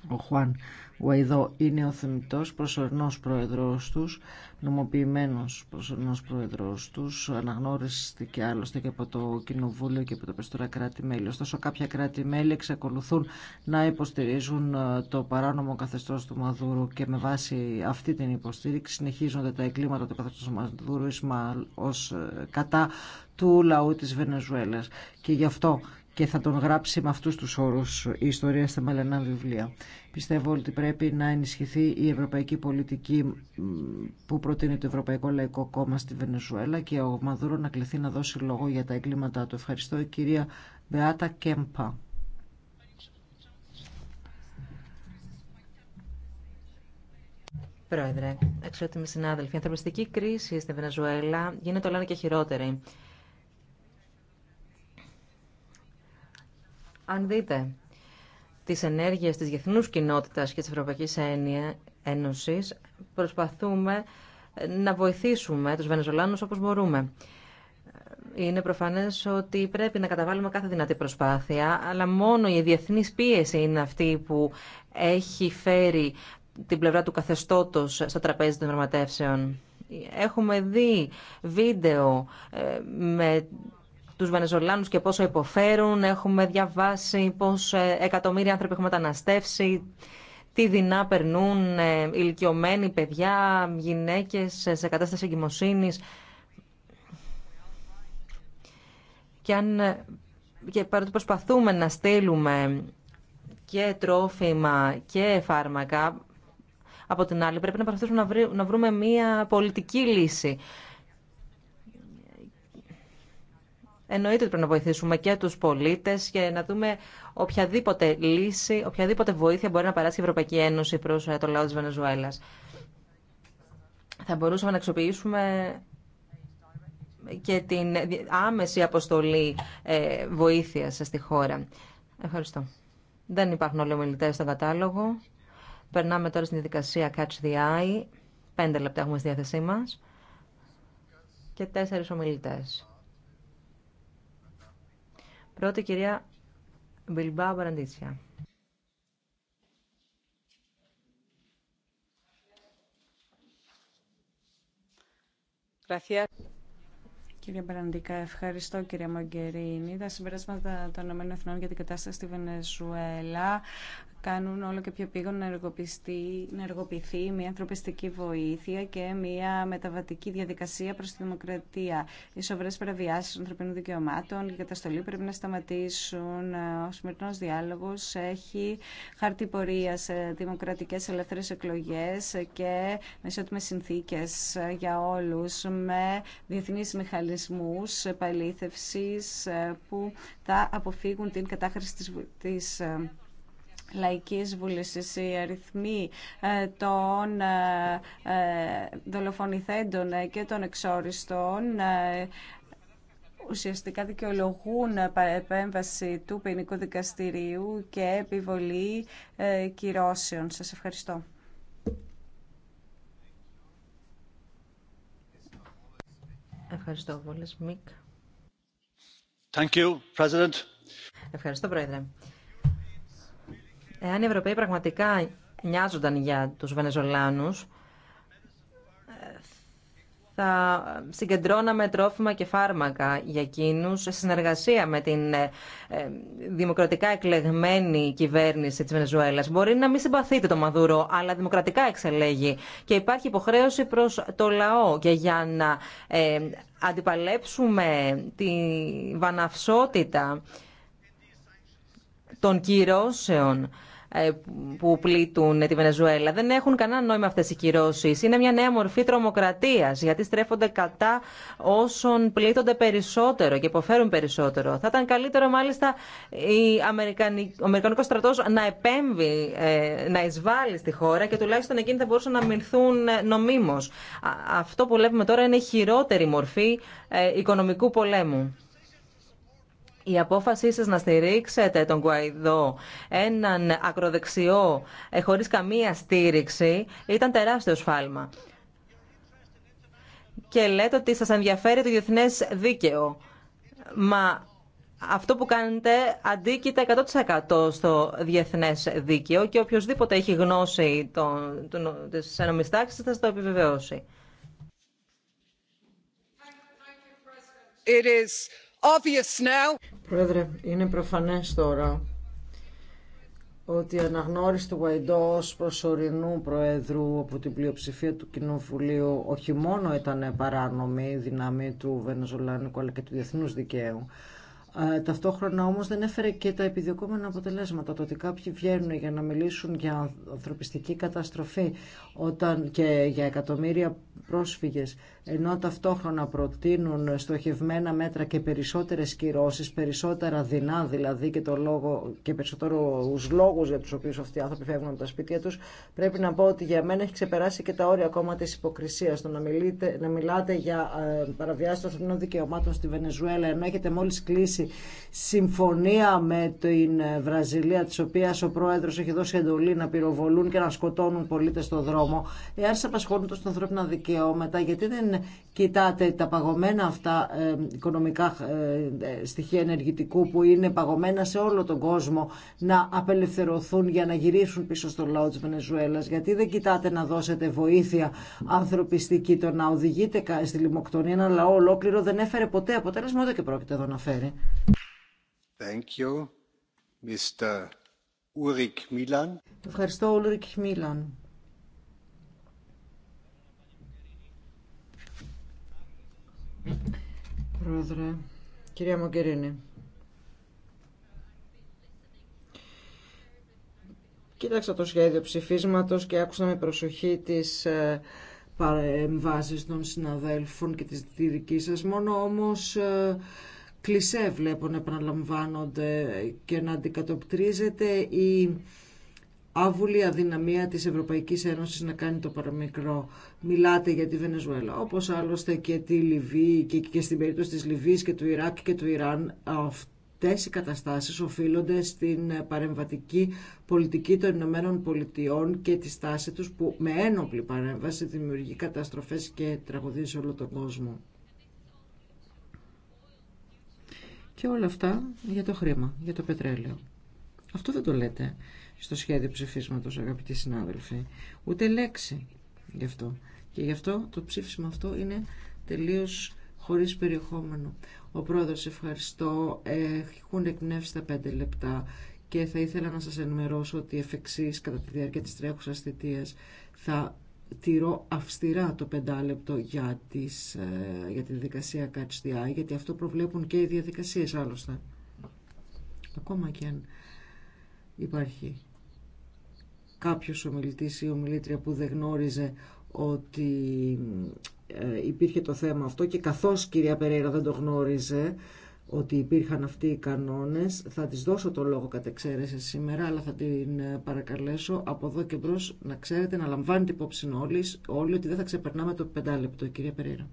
Speaker 1: Ο Χουάν ο Αϊδό είναι ο προσωρινό προσωρινός πρόεδρος τους, νομοποιημένος προσωρινός πρόεδρος τους, αναγνώριστηκε άλλωστε και από το Κοινοβούλιο και από τα περισσότερα κράτη-μέλη. Ωστόσο κάποια κράτη-μέλη εξακολουθούν να υποστηρίζουν ε, το παράνομο καθεστώς του Μαδούρου και με βάση αυτή την υποστήριξη συνεχίζονται τα εγκλήματα του καθεστώς του Μαδούρου ω ε, κατά του λαού τη Βενεζουέλα. Και γι' αυτό και θα τον γράψει με αυτούς τους όρους η ιστορία στα μελανά βιβλία. Πιστεύω ότι πρέπει να ενισχυθεί η ευρωπαϊκή πολιτική που προτείνει το Ευρωπαϊκό Λαϊκό Κόμμα στη Βενεζουέλα και ο Μαδούρο να κληθεί να δώσει λόγο για τα εγκλήματά του. Ευχαριστώ η κυρία
Speaker 2: Μπεάτα Κέμπα. Πρόεδρε, αξιότιμοι συνάδελφοι, η ανθρωπιστική κρίση στη Βενεζουέλα γίνεται όλο και χειρότερη. Αν δείτε τις ενέργειες της διεθνούς κοινότητας και της Ευρωπαϊκής Ένωσης, προσπαθούμε ε, να βοηθήσουμε τους Βενεζολάνους όπως μπορούμε. Είναι προφανές ότι πρέπει να καταβάλουμε κάθε δυνατή προσπάθεια, αλλά μόνο η διεθνής πίεση είναι αυτή που έχει φέρει την πλευρά του καθεστώτος στο τραπέζι των δραματεύσεων. Έχουμε δει βίντεο ε, με τους Βενεζολάνους και πόσο υποφέρουν. Έχουμε διαβάσει πως ε, εκατομμύρια άνθρωποι έχουν μεταναστεύσει, τι δεινά περνούν ε, ηλικιωμένοι παιδιά, γυναίκες ε, σε κατάσταση εγκυμοσύνης. Και, αν, και παρότι προσπαθούμε να στείλουμε και τρόφιμα και φάρμακα, από την άλλη πρέπει να προσπαθήσουμε να βρούμε μια πολιτική λύση Εννοείται ότι πρέπει να βοηθήσουμε και του πολίτε και να δούμε οποιαδήποτε λύση, οποιαδήποτε βοήθεια μπορεί να παράσει η Ευρωπαϊκή Ένωση προ ε, το λαό τη Βενεζουέλα. Θα μπορούσαμε να αξιοποιήσουμε και την άμεση αποστολή ε, βοήθεια στη χώρα. Ευχαριστώ. Δεν υπάρχουν όλοι ομιλητέ στον κατάλογο. Περνάμε τώρα στην διαδικασία Catch the Eye. Πέντε λεπτά έχουμε στη διάθεσή μα. Και τέσσερι ομιλητέ. Πρώτη κυρία Μπιλμπάου Μπαραντίτσια.
Speaker 3: Gracias. Κύριε Μπαραντικά, ευχαριστώ κύριε Μαγκερίνη. Τα συμπεράσματα των ΗΕ για την κατάσταση στη Βενεζουέλα κάνουν όλο και πιο πήγον να, να εργοποιηθεί μια ανθρωπιστική βοήθεια και μια μεταβατική διαδικασία προς τη δημοκρατία. Οι σοβαρές παραβιάσεις των ανθρωπίνων δικαιωμάτων και η καταστολή πρέπει να σταματήσουν. Ο σημερινό διάλογος έχει χάρτη πορεία σε δημοκρατικές ελεύθερες εκλογές και με συνθήκες για όλους με διεθνείς μηχανισμούς μηχανισμούς ε, που θα αποφύγουν την κατάχρηση της ε, λαϊκής βούλησης οι αριθμοί ε, των δολοφονηθέντων και των εξόριστων ουσιαστικά δικαιολογούν επέμβαση του ποινικού δικαστηρίου και επιβολή κυρώσεων. Σας
Speaker 2: ευχαριστώ. Ευχαριστώ πολύ,
Speaker 4: Thank you, President.
Speaker 2: Ευχαριστώ, Πρόεδρε. Εάν οι Ευρωπαίοι πραγματικά νοιάζονταν για τους Βενεζολάνους, θα συγκεντρώναμε τρόφιμα και φάρμακα για εκείνους σε συνεργασία με την ε, ε, δημοκρατικά εκλεγμένη κυβέρνηση της Βενεζουέλας. Μπορεί να μην συμπαθείτε το Μαδούρο, αλλά δημοκρατικά εξελέγει και υπάρχει υποχρέωση προς το λαό και για να ε, αντιπαλέψουμε τη βαναυσότητα των κυρώσεων ε, που πλήττουν τη Βενεζουέλα. Δεν έχουν κανένα νόημα αυτέ οι κυρώσει. Είναι μια νέα μορφή τρομοκρατία, γιατί στρέφονται κατά όσων πλήττονται περισσότερο και υποφέρουν περισσότερο. Θα ήταν καλύτερο μάλιστα ο Αμερικανικός στρατός να επέμβει, ε, να εισβάλλει στη χώρα και τουλάχιστον εκείνοι θα μπορούσαν να μηνθούν ε, νομίμω. Αυτό που βλέπουμε τώρα είναι χειρότερη μορφή οικονομικού πολέμου. Η απόφασή σας να στηρίξετε τον Κουαϊδό, έναν ακροδεξιό, ε, χωρίς καμία στήριξη, ήταν τεράστιο σφάλμα. Και λέτε ότι σας ενδιαφέρει το διεθνές δίκαιο. Μα αυτό που κάνετε αντίκειται 100% στο διεθνές δίκαιο και οποιοδήποτε έχει γνώση των, της ένομης τάξης θα το επιβεβαιώσει.
Speaker 1: Πρόεδρε, είναι προφανές τώρα ότι η αναγνώριση του Γουαϊντό προσωρινού Προέδρου από την πλειοψηφία του Κοινοβουλίου όχι μόνο ήταν παράνομη η δύναμη του Βενεζολάνικου αλλά και του διεθνούς δικαίου. Ε, ταυτόχρονα όμως δεν έφερε και τα επιδιωκόμενα αποτελέσματα. Το ότι κάποιοι βγαίνουν για να μιλήσουν για ανθρωπιστική καταστροφή όταν και για εκατομμύρια πρόσφυγες ενώ ταυτόχρονα προτείνουν στοχευμένα μέτρα και περισσότερες κυρώσεις, περισσότερα δεινά δηλαδή και, το λόγο, και περισσότερους λόγους για τους οποίους αυτοί οι άνθρωποι φεύγουν από τα σπίτια τους, πρέπει να πω ότι για μένα έχει ξεπεράσει και τα όρια ακόμα της υποκρισίας. Το να, μιλείτε, μιλάτε για ε, παραβιάσεις των ανθρωπινών δικαιωμάτων στη Βενεζουέλα, ενώ έχετε μόλις κλείσει συμφωνία με την ε, Βραζιλία, της οποίας ο πρόεδρος έχει δώσει εντολή να πυροβολούν και να σκοτώνουν πολίτες στο δρόμο. Εάν σε απασχολούν τόσο ανθρώπινα δικαιώματα, γιατί δεν κοιτάτε τα παγωμένα αυτά ε, οικονομικά ε, ε, στοιχεία ενεργητικού που είναι παγωμένα σε όλο τον κόσμο να απελευθερωθούν για να γυρίσουν πίσω στο λαό της Βενεζουέλας. Γιατί δεν κοιτάτε να δώσετε βοήθεια ανθρωπιστική, το να οδηγείτε στη λιμοκτονία ένα λαό ολόκληρο δεν έφερε ποτέ αποτέλεσμα, ούτε και πρόκειται εδώ να φέρει.
Speaker 4: Thank you, Mr. Ulrich Milan.
Speaker 1: Ευχαριστώ, Ulrich Milan. Πρόεδρε, κυρία Μογκερίνη. Κοίταξα το σχέδιο ψηφίσματος και άκουσα με προσοχή τις ε, παρεμβάσεις των συναδέλφων και της δική σας. Μόνο όμως ε, κλισέ βλέπω να επαναλαμβάνονται και να αντικατοπτρίζεται η άβουλη αδυναμία της Ευρωπαϊκής Ένωσης να κάνει το παραμικρό. Μιλάτε για τη Βενεζουέλα, όπως άλλωστε και τη Λιβύη και, και στην περίπτωση της Λιβύης και του Ιράκ και του Ιράν. Αυτές οι καταστάσεις οφείλονται στην παρεμβατική πολιτική των Ηνωμένων Πολιτειών και τη στάση τους που με ένοπλη παρέμβαση δημιουργεί καταστροφές και τραγωδίες σε όλο τον κόσμο. Και όλα αυτά για το χρήμα, για το πετρέλαιο. Αυτό δεν το λέτε στο σχέδιο ψηφίσματος, αγαπητοί συνάδελφοι. Ούτε λέξη γι' αυτό. Και γι' αυτό το ψήφισμα αυτό είναι τελείως χωρίς περιεχόμενο. Ο πρόεδρος ευχαριστώ. Έχουν εκπνεύσει τα πέντε λεπτά και θα ήθελα να σας ενημερώσω ότι εφ' εξής, κατά τη διάρκεια της τρέχουσα θητεία θα τηρώ αυστηρά το πεντάλεπτο για, τις, ε, για τη διαδικασία γιατί αυτό προβλέπουν και οι διαδικασίες άλλωστε. Ακόμα και αν υπάρχει κάποιος ομιλητής ή ομιλήτρια που δεν γνώριζε ότι ε, υπήρχε το θέμα αυτό και καθώς κυρία Περέιρα δεν το γνώριζε ότι υπήρχαν αυτοί οι κανόνες θα της δώσω το λόγο κατ' εξαίρεση σήμερα αλλά θα την ε, παρακαλέσω από εδώ και μπρος να ξέρετε να λαμβάνετε υπόψη όλοι, όλοι ότι δεν θα ξεπερνάμε το πεντάλεπτο κυρία Περέιρα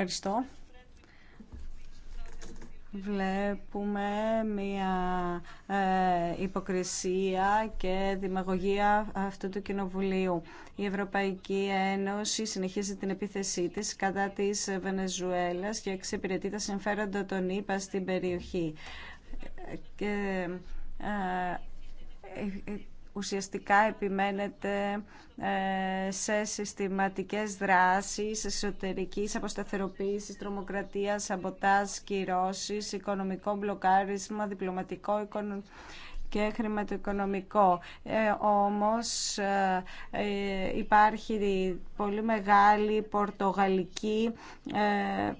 Speaker 3: Ευχαριστώ. Βλέπουμε μια ε, υποκρισία και δημαγωγία αυτού του Κοινοβουλίου. Η Ευρωπαϊκή Ένωση συνεχίζει την επίθεσή της κατά της Βενεζουέλας και εξυπηρετεί τα συμφέροντα των ΗΠΑ στην περιοχή. Ε, ε, ουσιαστικά επιμένετε σε συστηματικές δράσεις εσωτερικής αποσταθεροποίησης, τρομοκρατίας, σαμποτάζ, κυρώσεις, οικονομικό μπλοκάρισμα, διπλωματικό και χρηματοοικονομικό. Ε, όμως ε, ε, υπάρχει πολύ μεγάλη πορτογαλική ε,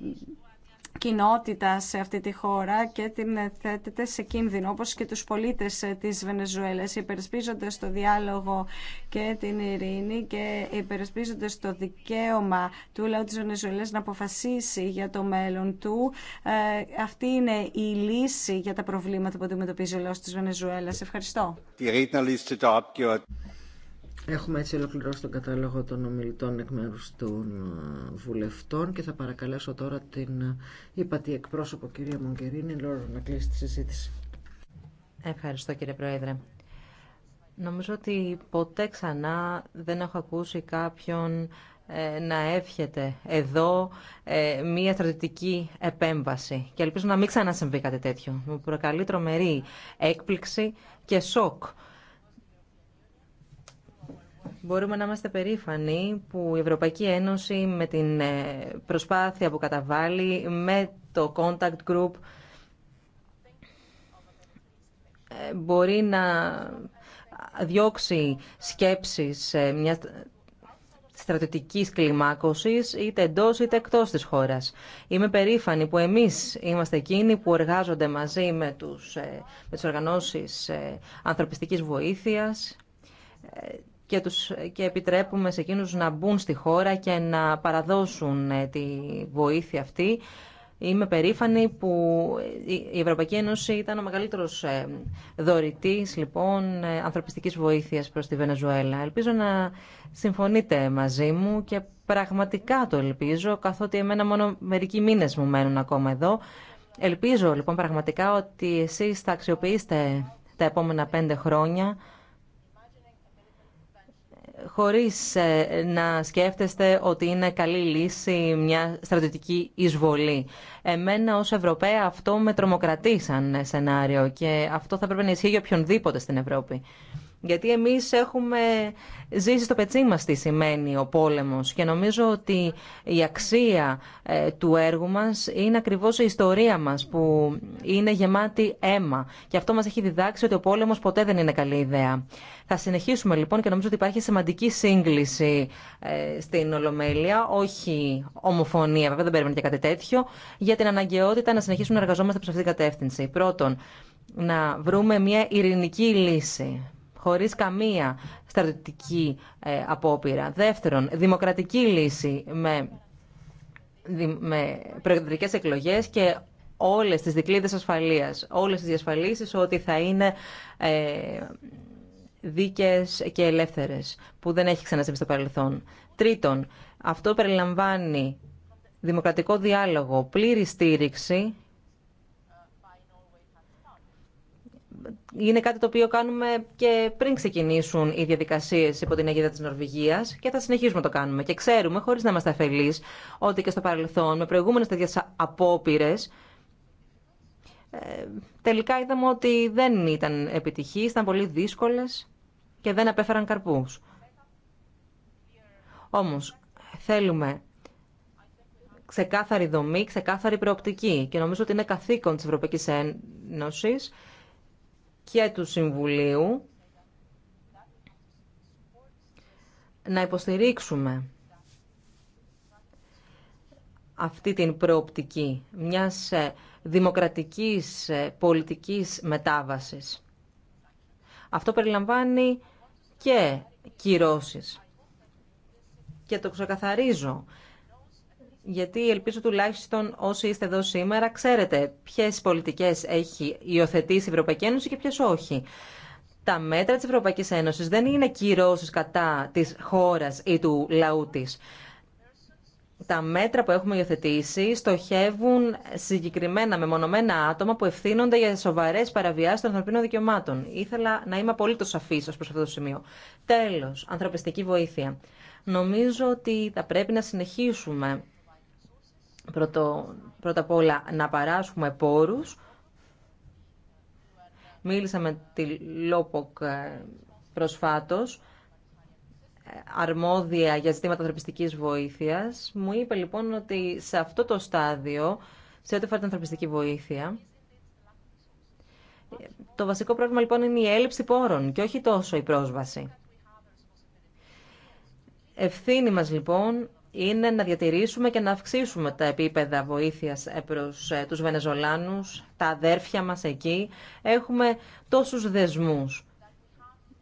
Speaker 3: κοινότητα σε αυτή τη χώρα και την θέτεται σε κίνδυνο, όπως και τους πολίτες της Βενεζουέλας, υπερασπίζονται το διάλογο και την ειρήνη και υπερασπίζονται το δικαίωμα του λαού της Βενεζουέλας να αποφασίσει για το μέλλον του. Ε, αυτή είναι η λύση για τα προβλήματα που αντιμετωπίζει ο λαός της Βενεζουέλας. Ευχαριστώ.
Speaker 1: Έχουμε έτσι ολοκληρώσει τον κατάλογο των ομιλητών εκ μέρου των ε, βουλευτών και θα παρακαλέσω τώρα την ε, υπατή εκπρόσωπο κυρία Μογκερίνη Λόρο να κλείσει τη συζήτηση.
Speaker 2: Ευχαριστώ κύριε Πρόεδρε. Νομίζω ότι ποτέ ξανά δεν έχω ακούσει κάποιον ε, να εύχεται εδώ μία στρατιωτική επέμβαση. Και ελπίζω να μην ξανασυμβεί κάτι τέτοιο. Μου προκαλεί τρομερή έκπληξη και σοκ. Μπορούμε να είμαστε περήφανοι που η Ευρωπαϊκή Ένωση με την ε, προσπάθεια που καταβάλει, με το contact group, ε, μπορεί να διώξει σκέψεις ε, μια στρατιωτικής κλιμάκωσης είτε εντό είτε εκτός της χώρας. Είμαι περήφανη που εμείς είμαστε εκείνοι που εργάζονται μαζί με, τους, με τις οργανώσεις ανθρωπιστικής βοήθειας και, τους, και επιτρέπουμε σε εκείνους να μπουν στη χώρα και να παραδώσουν ε, τη βοήθεια αυτή. Είμαι περήφανη που η Ευρωπαϊκή Ένωση ήταν ο μεγαλύτερος ε, δωρητής λοιπόν, ε, ανθρωπιστικής βοήθειας προς τη Βενεζουέλα. Ελπίζω να συμφωνείτε μαζί μου και πραγματικά το ελπίζω, καθότι εμένα μόνο μερικοί μήνες μου μένουν ακόμα εδώ. Ελπίζω λοιπόν πραγματικά ότι εσείς θα αξιοποιήσετε τα επόμενα πέντε χρόνια χωρίς ε, να σκέφτεστε ότι είναι καλή λύση μια στρατιωτική εισβολή. Εμένα ως Ευρωπαία αυτό με τρομοκρατεί σαν σενάριο και αυτό θα πρέπει να ισχύει για οποιονδήποτε στην Ευρώπη. Γιατί εμείς έχουμε ζήσει στο πετσί μας τι σημαίνει ο πόλεμος και νομίζω ότι η αξία ε, του έργου μας είναι ακριβώς η ιστορία μας που είναι γεμάτη αίμα. Και αυτό μας έχει διδάξει ότι ο πόλεμος ποτέ δεν είναι καλή ιδέα. Θα συνεχίσουμε λοιπόν και νομίζω ότι υπάρχει σημαντική σύγκληση ε, στην Ολομέλεια, όχι ομοφωνία βέβαια, δεν περιμένει και κάτι τέτοιο, για την αναγκαιότητα να συνεχίσουμε να εργαζόμαστε προς αυτήν την κατεύθυνση. Πρώτον, να βρούμε μια ειρηνική λύση Χωρί καμία στρατιωτική ε, απόπειρα. Δεύτερον, δημοκρατική λύση με, με εκλογές και όλες τι δικλείδε ασφαλεία, όλες τι διασφαλίσει ότι θα είναι ε, δίκαιες και ελεύθερες, που δεν έχει ξανασυμβεί στο παρελθόν. Τρίτον, αυτό περιλαμβάνει δημοκρατικό διάλογο, πλήρη στήριξη είναι κάτι το οποίο κάνουμε και πριν ξεκινήσουν οι διαδικασίε υπό την αιγίδα τη Νορβηγία και θα συνεχίσουμε να το κάνουμε. Και ξέρουμε, χωρί να είμαστε αφελεί, ότι και στο παρελθόν, με προηγούμενε τέτοιε απόπειρε, ε, τελικά είδαμε ότι δεν ήταν επιτυχή, ήταν πολύ δύσκολε και δεν απέφεραν καρπού. Όμω, θέλουμε ξεκάθαρη δομή, ξεκάθαρη προοπτική και νομίζω ότι είναι καθήκον της Ευρωπαϊκής Ένωσης και του Συμβουλίου να υποστηρίξουμε αυτή την προοπτική μιας ε, δημοκρατικής ε, πολιτικής μετάβασης. Αυτό περιλαμβάνει και κυρώσεις. Και το ξεκαθαρίζω γιατί ελπίζω τουλάχιστον όσοι είστε εδώ σήμερα ξέρετε ποιες πολιτικές έχει υιοθετήσει η Ευρωπαϊκή Ένωση και ποιες όχι. Τα μέτρα της Ευρωπαϊκής Ένωσης δεν είναι κυρώσεις κατά της χώρας ή του λαού της. Τα μέτρα που έχουμε υιοθετήσει στοχεύουν συγκεκριμένα μεμονωμένα άτομα που ευθύνονται για σοβαρέ παραβιάσει των ανθρωπίνων δικαιωμάτων. Ήθελα να είμαι απολύτω σαφή ω προ αυτό το σημείο. Τέλο, ανθρωπιστική βοήθεια. Νομίζω ότι θα πρέπει να συνεχίσουμε Πρώτο, πρώτα απ' όλα να παράσχουμε πόρους. Μίλησα με τη ΛΟΠΟΚ ε, προσφάτως, ε, αρμόδια για ζητήματα ανθρωπιστικής βοήθειας. Μου είπε λοιπόν ότι σε αυτό το στάδιο, σε ό,τι αφορά την ανθρωπιστική βοήθεια, το βασικό πρόβλημα λοιπόν είναι η έλλειψη πόρων και όχι τόσο η πρόσβαση. Ευθύνη μας λοιπόν είναι να διατηρήσουμε και να αυξήσουμε τα επίπεδα βοήθειας προς ε, τους Βενεζολάνους, τα αδέρφια μας εκεί. Έχουμε τόσους δεσμούς.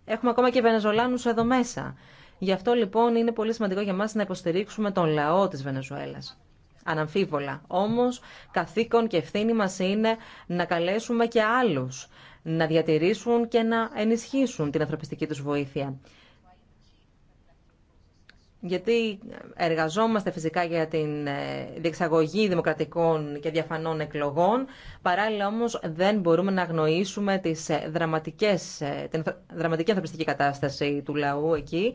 Speaker 2: Έχουμε ακόμα και Βενεζολάνους εδώ μέσα. Γι' αυτό λοιπόν είναι πολύ σημαντικό για μας να υποστηρίξουμε τον λαό της Βενεζουέλας. Αναμφίβολα. Όμως καθήκον και ευθύνη μας είναι να καλέσουμε και άλλους να διατηρήσουν και να ενισχύσουν την ανθρωπιστική τους βοήθεια γιατί εργαζόμαστε φυσικά για την ε, διεξαγωγή δημοκρατικών και διαφανών εκλογών, παράλληλα όμως δεν μπορούμε να αγνοήσουμε τις ε, δραματικές, ε, την δραματική ανθρωπιστική κατάσταση του λαού εκεί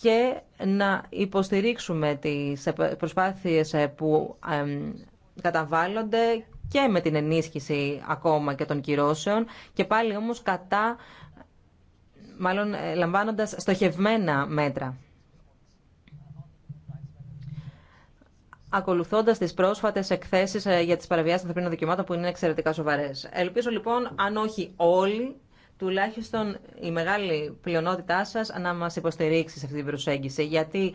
Speaker 2: και να υποστηρίξουμε τις προσπάθειες που καταβάλλονται και με την ενίσχυση ακόμα και των κυρώσεων και πάλι όμως κατά, μάλλον λαμβάνοντας στοχευμένα μέτρα. Ακολουθώντα τι πρόσφατε εκθέσει ε, για τις παραβιάσεις ανθρωπίνων δικαιωμάτων που είναι εξαιρετικά σοβαρέ. Ελπίζω λοιπόν, αν όχι όλοι, τουλάχιστον η μεγάλη πλειονότητά σα να μα υποστηρίξει σε αυτή την προσέγγιση. Γιατί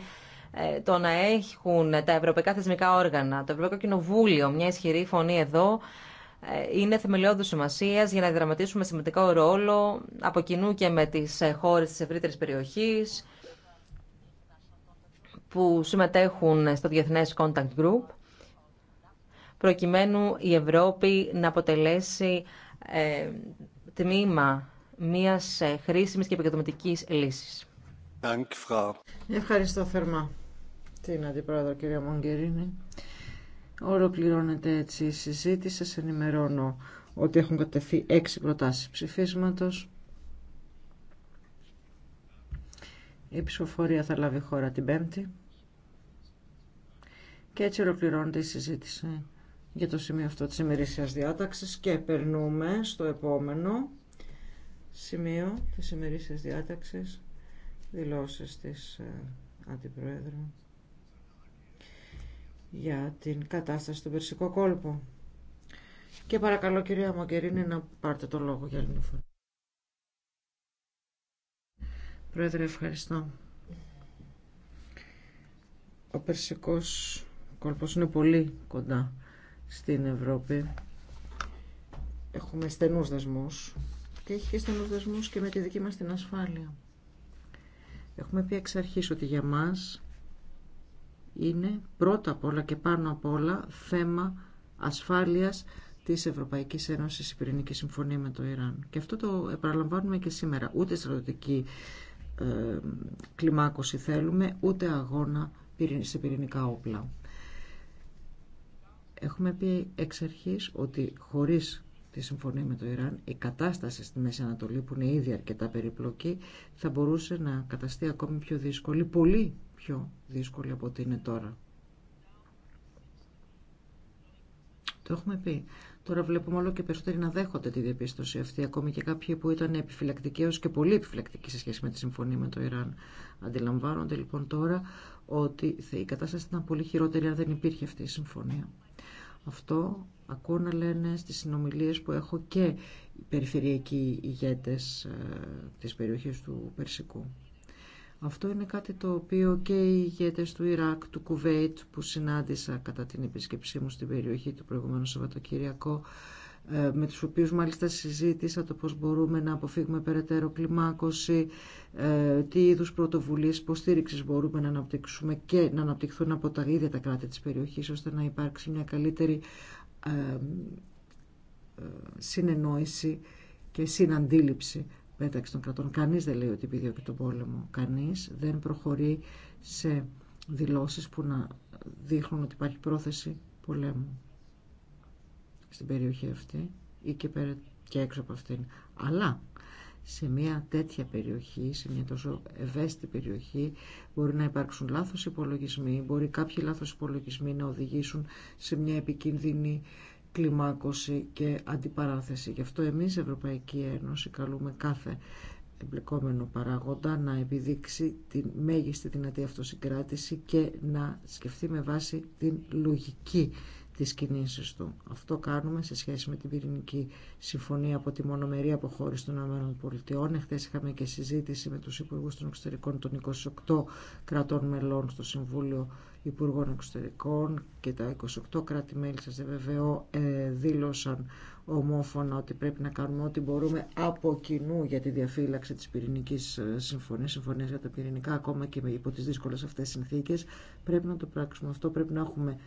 Speaker 2: ε, το να έχουν τα ευρωπαϊκά θεσμικά όργανα, το Ευρωπαϊκό Κοινοβούλιο, μια ισχυρή φωνή εδώ, ε, είναι θεμελιώδου σημασία για να δραματίσουμε σημαντικό ρόλο από κοινού και με τι χώρε τη ευρύτερη περιοχή που συμμετέχουν στο Διεθνές Contact Group προκειμένου η Ευρώπη να αποτελέσει ε, τμήμα μιας ε, χρήσιμης και επικοδομητικής λύσης. Ευχαριστώ θερμά
Speaker 1: την Αντιπρόεδρο κυρία Μογκερίνη. Ολοκληρώνεται έτσι η συζήτηση. Σας ενημερώνω ότι έχουν κατευθεί έξι προτάσεις ψηφίσματος. Η ψηφοφορία θα λάβει χώρα την Πέμπτη. Και έτσι ολοκληρώνεται η συζήτηση για το σημείο αυτό της ημερήσιας διάταξης και περνούμε στο επόμενο σημείο της ημερήσιας διάταξης δηλώσεις της ε, Αντιπρόεδρου για την κατάσταση του Περσικού κόλπου. Και παρακαλώ κυρία Μογκερίνη να πάρτε το λόγο για λίγο. φορά. Πρόεδρε ευχαριστώ. Ο Περσικός κόλπος είναι πολύ κοντά στην Ευρώπη. Έχουμε στενούς δεσμούς και έχει και στενούς δεσμούς και με τη δική μας την ασφάλεια. Έχουμε πει εξ αρχής ότι για μας είναι πρώτα απ' όλα και πάνω απ' όλα θέμα ασφάλειας της Ευρωπαϊκής Ένωσης η πυρηνική συμφωνία με το Ιράν. Και αυτό το επαναλαμβάνουμε και σήμερα. Ούτε στρατιωτική ε, κλιμάκωση θέλουμε, ούτε αγώνα σε πυρηνικά όπλα. Έχουμε πει εξ αρχής ότι χωρίς τη συμφωνία με το Ιράν, η κατάσταση στη Μέση Ανατολή που είναι ήδη αρκετά περιπλοκή θα μπορούσε να καταστεί ακόμη πιο δύσκολη, πολύ πιο δύσκολη από ό,τι είναι τώρα. Το έχουμε πει. Τώρα βλέπουμε όλο και περισσότεροι να δέχονται τη διαπίστωση αυτή, ακόμη και κάποιοι που ήταν επιφυλακτικοί έως και πολύ επιφυλακτικοί σε σχέση με τη συμφωνία με το Ιράν. Αντιλαμβάνονται λοιπόν τώρα ότι η κατάσταση ήταν πολύ χειρότερη αν δεν υπήρχε αυτή η συμφωνία. Αυτό ακούω να λένε στις συνομιλίες που έχω και οι περιφερειακοί ηγέτες ε, της περιοχής του Περσικού. Αυτό είναι κάτι το οποίο και οι ηγέτες του Ιράκ, του Κουβέιτ που συνάντησα κατά την επίσκεψή μου στην περιοχή του προηγούμενου Σαββατοκύριακο ε, με τους οποίους μάλιστα συζήτησα το πώς μπορούμε να αποφύγουμε περαιτέρω κλιμάκωση, ε, τι είδους πρωτοβουλίες υποστήριξης μπορούμε να αναπτύξουμε και να αναπτυχθούν από τα ίδια τα κράτη της περιοχής ώστε να υπάρξει μια καλύτερη ε, συνεννόηση και συναντήληψη μεταξύ των κρατών. Κανείς δεν λέει ότι επιδιώκει τον πόλεμο. Κανείς δεν προχωρεί σε δηλώσεις που να δείχνουν ότι υπάρχει πρόθεση πολέμου στην περιοχή αυτή ή και, πέρα, και έξω από αυτήν. Αλλά σε μια τέτοια περιοχή, σε μια τόσο ευαίσθητη περιοχή, μπορεί να υπάρξουν λάθος υπολογισμοί, μπορεί κάποιοι λάθος υπολογισμοί να οδηγήσουν σε μια επικίνδυνη κλιμάκωση και αντιπαράθεση. Γι' αυτό εμείς, Ευρωπαϊκή Ένωση, καλούμε κάθε εμπλεκόμενο παράγοντα να επιδείξει τη μέγιστη δυνατή αυτοσυγκράτηση και να σκεφτεί με βάση την λογική τις κινήσεις του. Αυτό κάνουμε σε σχέση με την πυρηνική συμφωνία από τη μονομερή αποχώρηση των ΗΠΑ. Εχθές είχαμε και συζήτηση με τους Υπουργούς των Εξωτερικών των 28 κρατών μελών στο Συμβούλιο Υπουργών Εξωτερικών και τα 28 κράτη-μέλη σας βεβαιώ ε, δήλωσαν ομόφωνα ότι πρέπει να κάνουμε ό,τι μπορούμε από κοινού για τη διαφύλαξη της πυρηνικής ε, συμφωνίας, συμφωνίας για τα πυρηνικά ακόμα και υπό τις δύσκολες αυτές συνθήκες. Πρέπει να το πράξουμε αυτό, πρέπει να έχουμε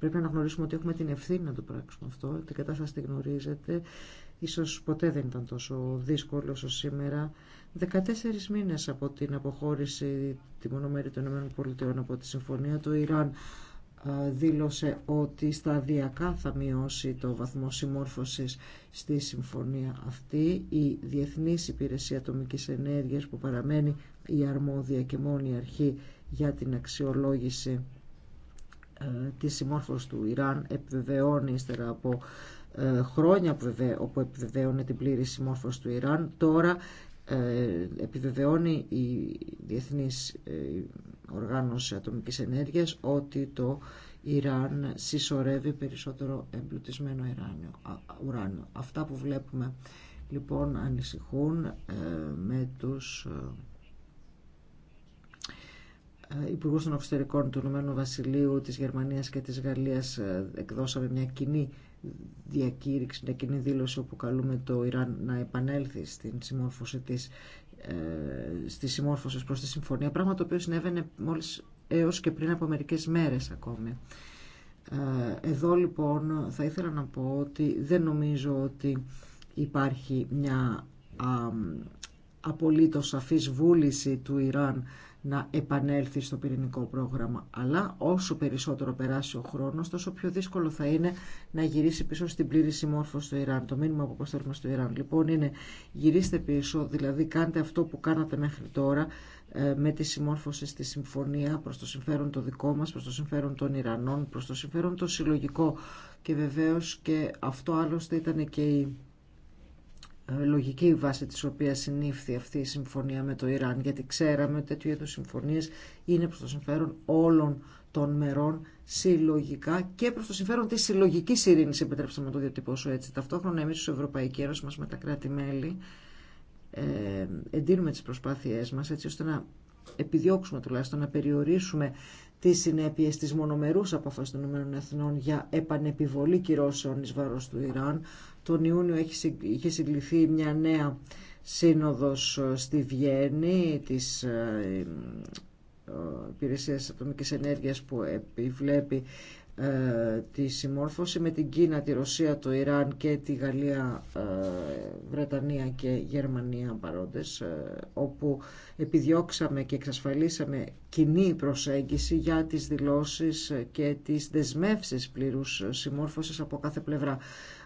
Speaker 1: Πρέπει να γνωρίσουμε ότι έχουμε την ευθύνη να το πράξουμε αυτό. Την κατάσταση τη γνωρίζετε. Ίσως ποτέ δεν ήταν τόσο δύσκολο όσο σήμερα. 14 μήνε από την αποχώρηση τη μονομέρη των ΗΠΑ από τη συμφωνία, το Ιράν δήλωσε ότι σταδιακά θα μειώσει το βαθμό συμμόρφωσης στη συμφωνία αυτή. Η Διεθνής Υπηρεσία Ατομικής Ενέργειας που παραμένει η αρμόδια και μόνη αρχή για την αξιολόγηση ε, τη συμμόρφωση του Ιράν επιβεβαιώνει ύστερα από ε, χρόνια όπου επιβεβαιώνει την πλήρη συμμόρφωση του Ιράν τώρα ε, επιβεβαιώνει η Διεθνής Οργάνωση Ατομικής Ενέργειας ότι το Ιράν συσσωρεύει περισσότερο εμπλουτισμένο ουράνιο. Αυτά που βλέπουμε λοιπόν ανησυχούν με τους υπουργούς των εξωτερικών του Ηνωμένου Βασιλείου, της Γερμανίας και της Γαλλίας ε, εκδώσαμε μια κοινή διακήρυξη, μια κοινή δήλωση όπου καλούμε το Ιράν να επανέλθει στην συμμόρφωση της, ε, στη συμμόρφωση προς τη συμφωνία, πράγμα το οποίο συνέβαινε μόλις έως και πριν από μερικές μέρες ακόμη. Ε, εδώ λοιπόν θα ήθελα να πω ότι δεν νομίζω ότι υπάρχει μια απολύτως σαφής βούληση του Ιράν να επανέλθει στο πυρηνικό πρόγραμμα. Αλλά όσο περισσότερο περάσει ο χρόνος, τόσο πιο δύσκολο θα είναι να γυρίσει πίσω στην πλήρη συμμόρφωση στο Ιράν. Το μήνυμα που προσφέρουμε στο Ιράν λοιπόν είναι γυρίστε πίσω, δηλαδή κάντε αυτό που κάνατε μέχρι τώρα ε, με τη συμμόρφωση στη συμφωνία προς το συμφέρον το δικό μας, προς το συμφέρον των Ιρανών, προς το συμφέρον το συλλογικό και βεβαίως και αυτό άλλωστε ήταν και η ε, λογική βάση της οποίας συνήφθη αυτή η συμφωνία με το Ιράν, γιατί ξέραμε ότι τέτοιου είδους συμφωνίες είναι προς το συμφέρον όλων των μερών συλλογικά και προς το συμφέρον της συλλογική ειρήνης, επιτρέψτε να το διατυπώσω έτσι. Ταυτόχρονα εμείς ως Ευρωπαϊκή Ένωση μας με τα κράτη-μέλη ε, εντείνουμε τις προσπάθειές μας έτσι ώστε να επιδιώξουμε τουλάχιστον να περιορίσουμε τις συνέπειες της μονομερούς απόφασης των ΗΕ για επανεπιβολή κυρώσεων εις βάρος του Ιράν. Τον Ιούνιο είχε συγκληθεί μια νέα σύνοδος ε, στη Βιέννη της ε, ε, Υπηρεσία Ατομικής Ενέργειας που επιβλέπει ε, τη συμμόρφωση με την Κίνα, τη Ρωσία, το Ιράν και τη Γαλλία, ε, Βρετανία και Γερμανία παρόντες ε, όπου επιδιώξαμε και εξασφαλίσαμε κοινή προσέγγιση για τις δηλώσεις και τις δεσμεύσεις πλήρους συμμόρφωσης από κάθε πλευρά.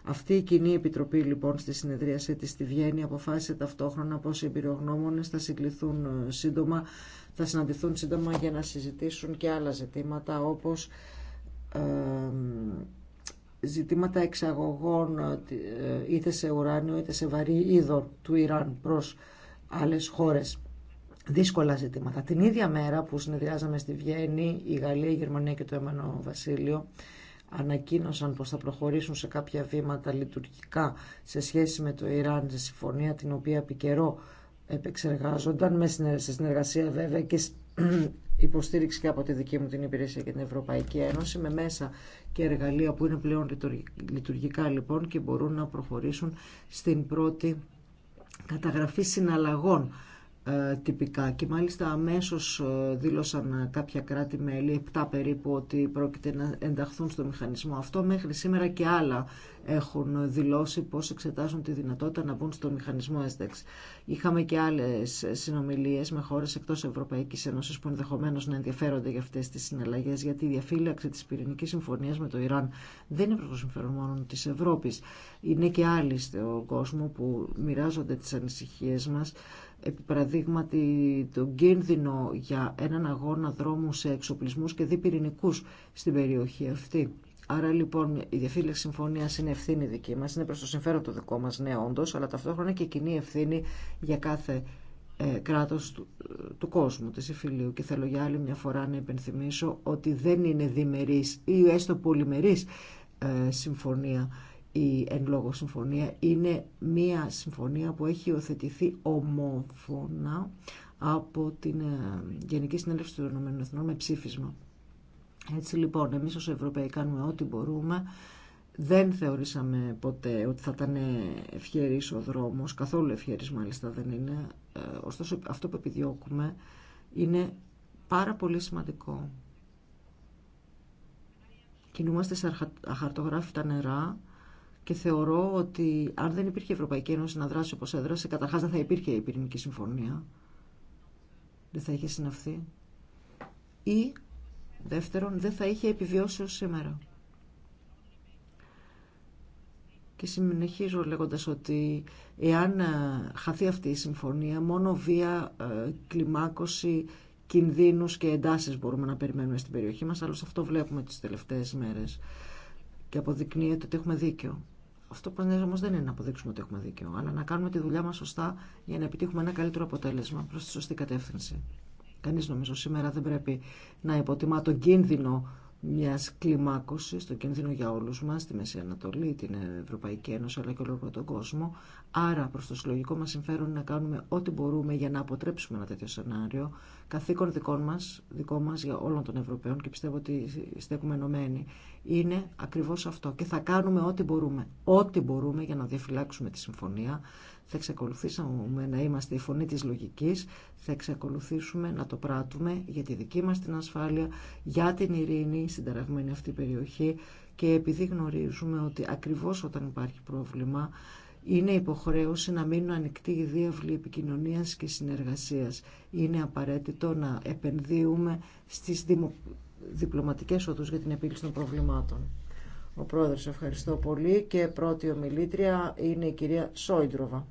Speaker 1: Αυτή η κοινή επιτροπή λοιπόν στη συνεδρίασή της στη Βιέννη αποφάσισε ταυτόχρονα πως οι εμπειρογνώμονες θα συγκληθούν σύντομα θα συναντηθούν σύντομα για να συζητήσουν και άλλα ζητήματα όπως ζητήματα εξαγωγών ε, ε, είτε σε ουράνιο είτε σε βαρύ είδο του Ιράν προς άλλες χώρες. Δύσκολα ζητήματα. Την ίδια μέρα που συνεδριάζαμε στη Βιέννη, η Γαλλία, η Γερμανία και το Εμένο Βασίλειο ανακοίνωσαν πως θα προχωρήσουν σε κάποια βήματα λειτουργικά σε σχέση με το Ιράν, σε συμφωνία την οποία επί καιρό επεξεργάζονταν, σε συνεργασία βέβαια και υποστήριξη και από τη δική μου την υπηρεσία και την Ευρωπαϊκή Ένωση με μέσα και εργαλεία που είναι πλέον λειτουργικά λοιπόν και μπορούν να προχωρήσουν στην πρώτη καταγραφή συναλλαγών ε, τυπικά και μάλιστα αμέσως ε, δήλωσαν ε, κάποια κράτη-μέλη, 7 περίπου, ότι πρόκειται να ενταχθούν στο μηχανισμό αυτό. Μέχρι σήμερα και άλλα έχουν δηλώσει πώς εξετάζουν τη δυνατότητα να μπουν στο μηχανισμό ΕΣΤΕΞ. E Είχαμε και άλλες συνομιλίες με χώρες εκτός Ευρωπαϊκής Ένωσης που ενδεχομένω να ενδιαφέρονται για αυτές τις συναλλαγές γιατί η διαφύλαξη της πυρηνικής συμφωνίας με το Ιράν δεν είναι προς συμφέρον μόνο της Ευρώπης. Είναι και άλλοι στον κόσμο που μοιράζονται τις ανησυχίες μας επί παραδείγματι τον κίνδυνο για έναν αγώνα δρόμου σε εξοπλισμούς και διπυρηνικούς στην περιοχή αυτή. Άρα λοιπόν η διαφύλαξη συμφωνία είναι ευθύνη δική μα, είναι προς το συμφέρον το δικό μας ναι, όντως, αλλά ταυτόχρονα και κοινή ευθύνη για κάθε ε, κράτο του, κόσμου, τη Ιφιλίου. Και θέλω για άλλη μια φορά να υπενθυμίσω ότι δεν είναι διμερής ή έστω πολυμερή ε, συμφωνία η εν λόγω συμφωνία είναι μία συμφωνία που έχει υιοθετηθεί ομόφωνα από την ε, Γενική Συνέλευση των ΕΕ με ψήφισμα. Έτσι λοιπόν, εμείς ως Ευρωπαίοι κάνουμε ό,τι μπορούμε. Δεν θεωρήσαμε ποτέ ότι θα ήταν ευχαιρής ο δρόμος, καθόλου ευχαιρής μάλιστα δεν είναι. Ε, ωστόσο αυτό που επιδιώκουμε είναι πάρα πολύ σημαντικό. Κινούμαστε σε αχαρτογράφητα νερά και θεωρώ ότι αν δεν υπήρχε η Ευρωπαϊκή Ένωση να δράσει όπως έδρασε, καταρχάς δεν θα υπήρχε η πυρηνική συμφωνία, δεν θα είχε συναυθεί ή δεύτερον δεν θα είχε επιβιώσει ως σήμερα. Και συνεχίζω λέγοντας ότι εάν ε, χαθεί αυτή η συμφωνία, μόνο βία, ε, κλιμάκωση, κινδύνους και εντάσεις μπορούμε να περιμένουμε στην περιοχή μας, Αλλά αυτό βλέπουμε τις τελευταίες μέρες και αποδεικνύεται ότι έχουμε δίκιο. Αυτό που μας όμω δεν είναι να αποδείξουμε ότι έχουμε δίκιο, αλλά να κάνουμε τη δουλειά μας σωστά για να επιτύχουμε ένα καλύτερο αποτέλεσμα προ τη σωστή κατεύθυνση. Κανείς νομίζω σήμερα δεν πρέπει να υποτιμά τον κίνδυνο μιας κλιμάκωσης στο κίνδυνο για όλους μας, τη Μέση Ανατολή, την Ευρωπαϊκή Ένωση αλλά και ολόκληρο τον κόσμο. Άρα προς το συλλογικό μας συμφέρον να κάνουμε ό,τι μπορούμε για να αποτρέψουμε ένα τέτοιο σενάριο, καθήκον δικό μας, δικό μας για όλων των Ευρωπαίων και πιστεύω ότι στέκουμε ενωμένοι. Είναι ακριβώς αυτό και θα κάνουμε ό,τι μπορούμε. Ό,τι μπορούμε για να διαφυλάξουμε τη συμφωνία, θα εξακολουθήσουμε να είμαστε η φωνή της λογικής, θα εξακολουθήσουμε να το πράττουμε για τη δική μας την ασφάλεια, για την ειρήνη στην ταραγμένη αυτή περιοχή και επειδή γνωρίζουμε ότι ακριβώς όταν υπάρχει πρόβλημα είναι υποχρέωση να μείνουν ανοιχτοί οι διάβλοι επικοινωνίας και συνεργασίας. Είναι απαραίτητο να επενδύουμε στις δημο... διπλωματικές οδούς για την επίλυση των προβλημάτων. Ο πρόεδρος, ευχαριστώ πολύ και πρώτη ομιλήτρια είναι η κυρία Σόιντροβα.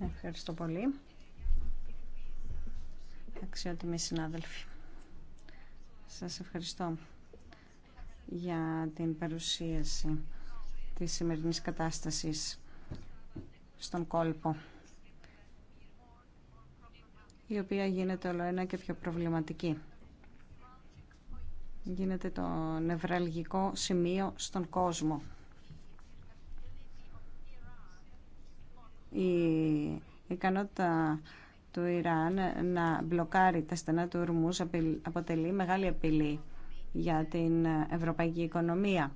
Speaker 3: Ευχαριστώ πολύ. Αξιότιμοι συνάδελφοι, σας ευχαριστώ για την παρουσίαση της σημερινής κατάστασης στον κόλπο η οποία γίνεται όλο ένα και πιο προβληματική γίνεται το νευραλγικό σημείο στον κόσμο. Η ικανότητα του Ιράν να μπλοκάρει τα στενά του Ορμούς αποτελεί μεγάλη απειλή για την ευρωπαϊκή οικονομία.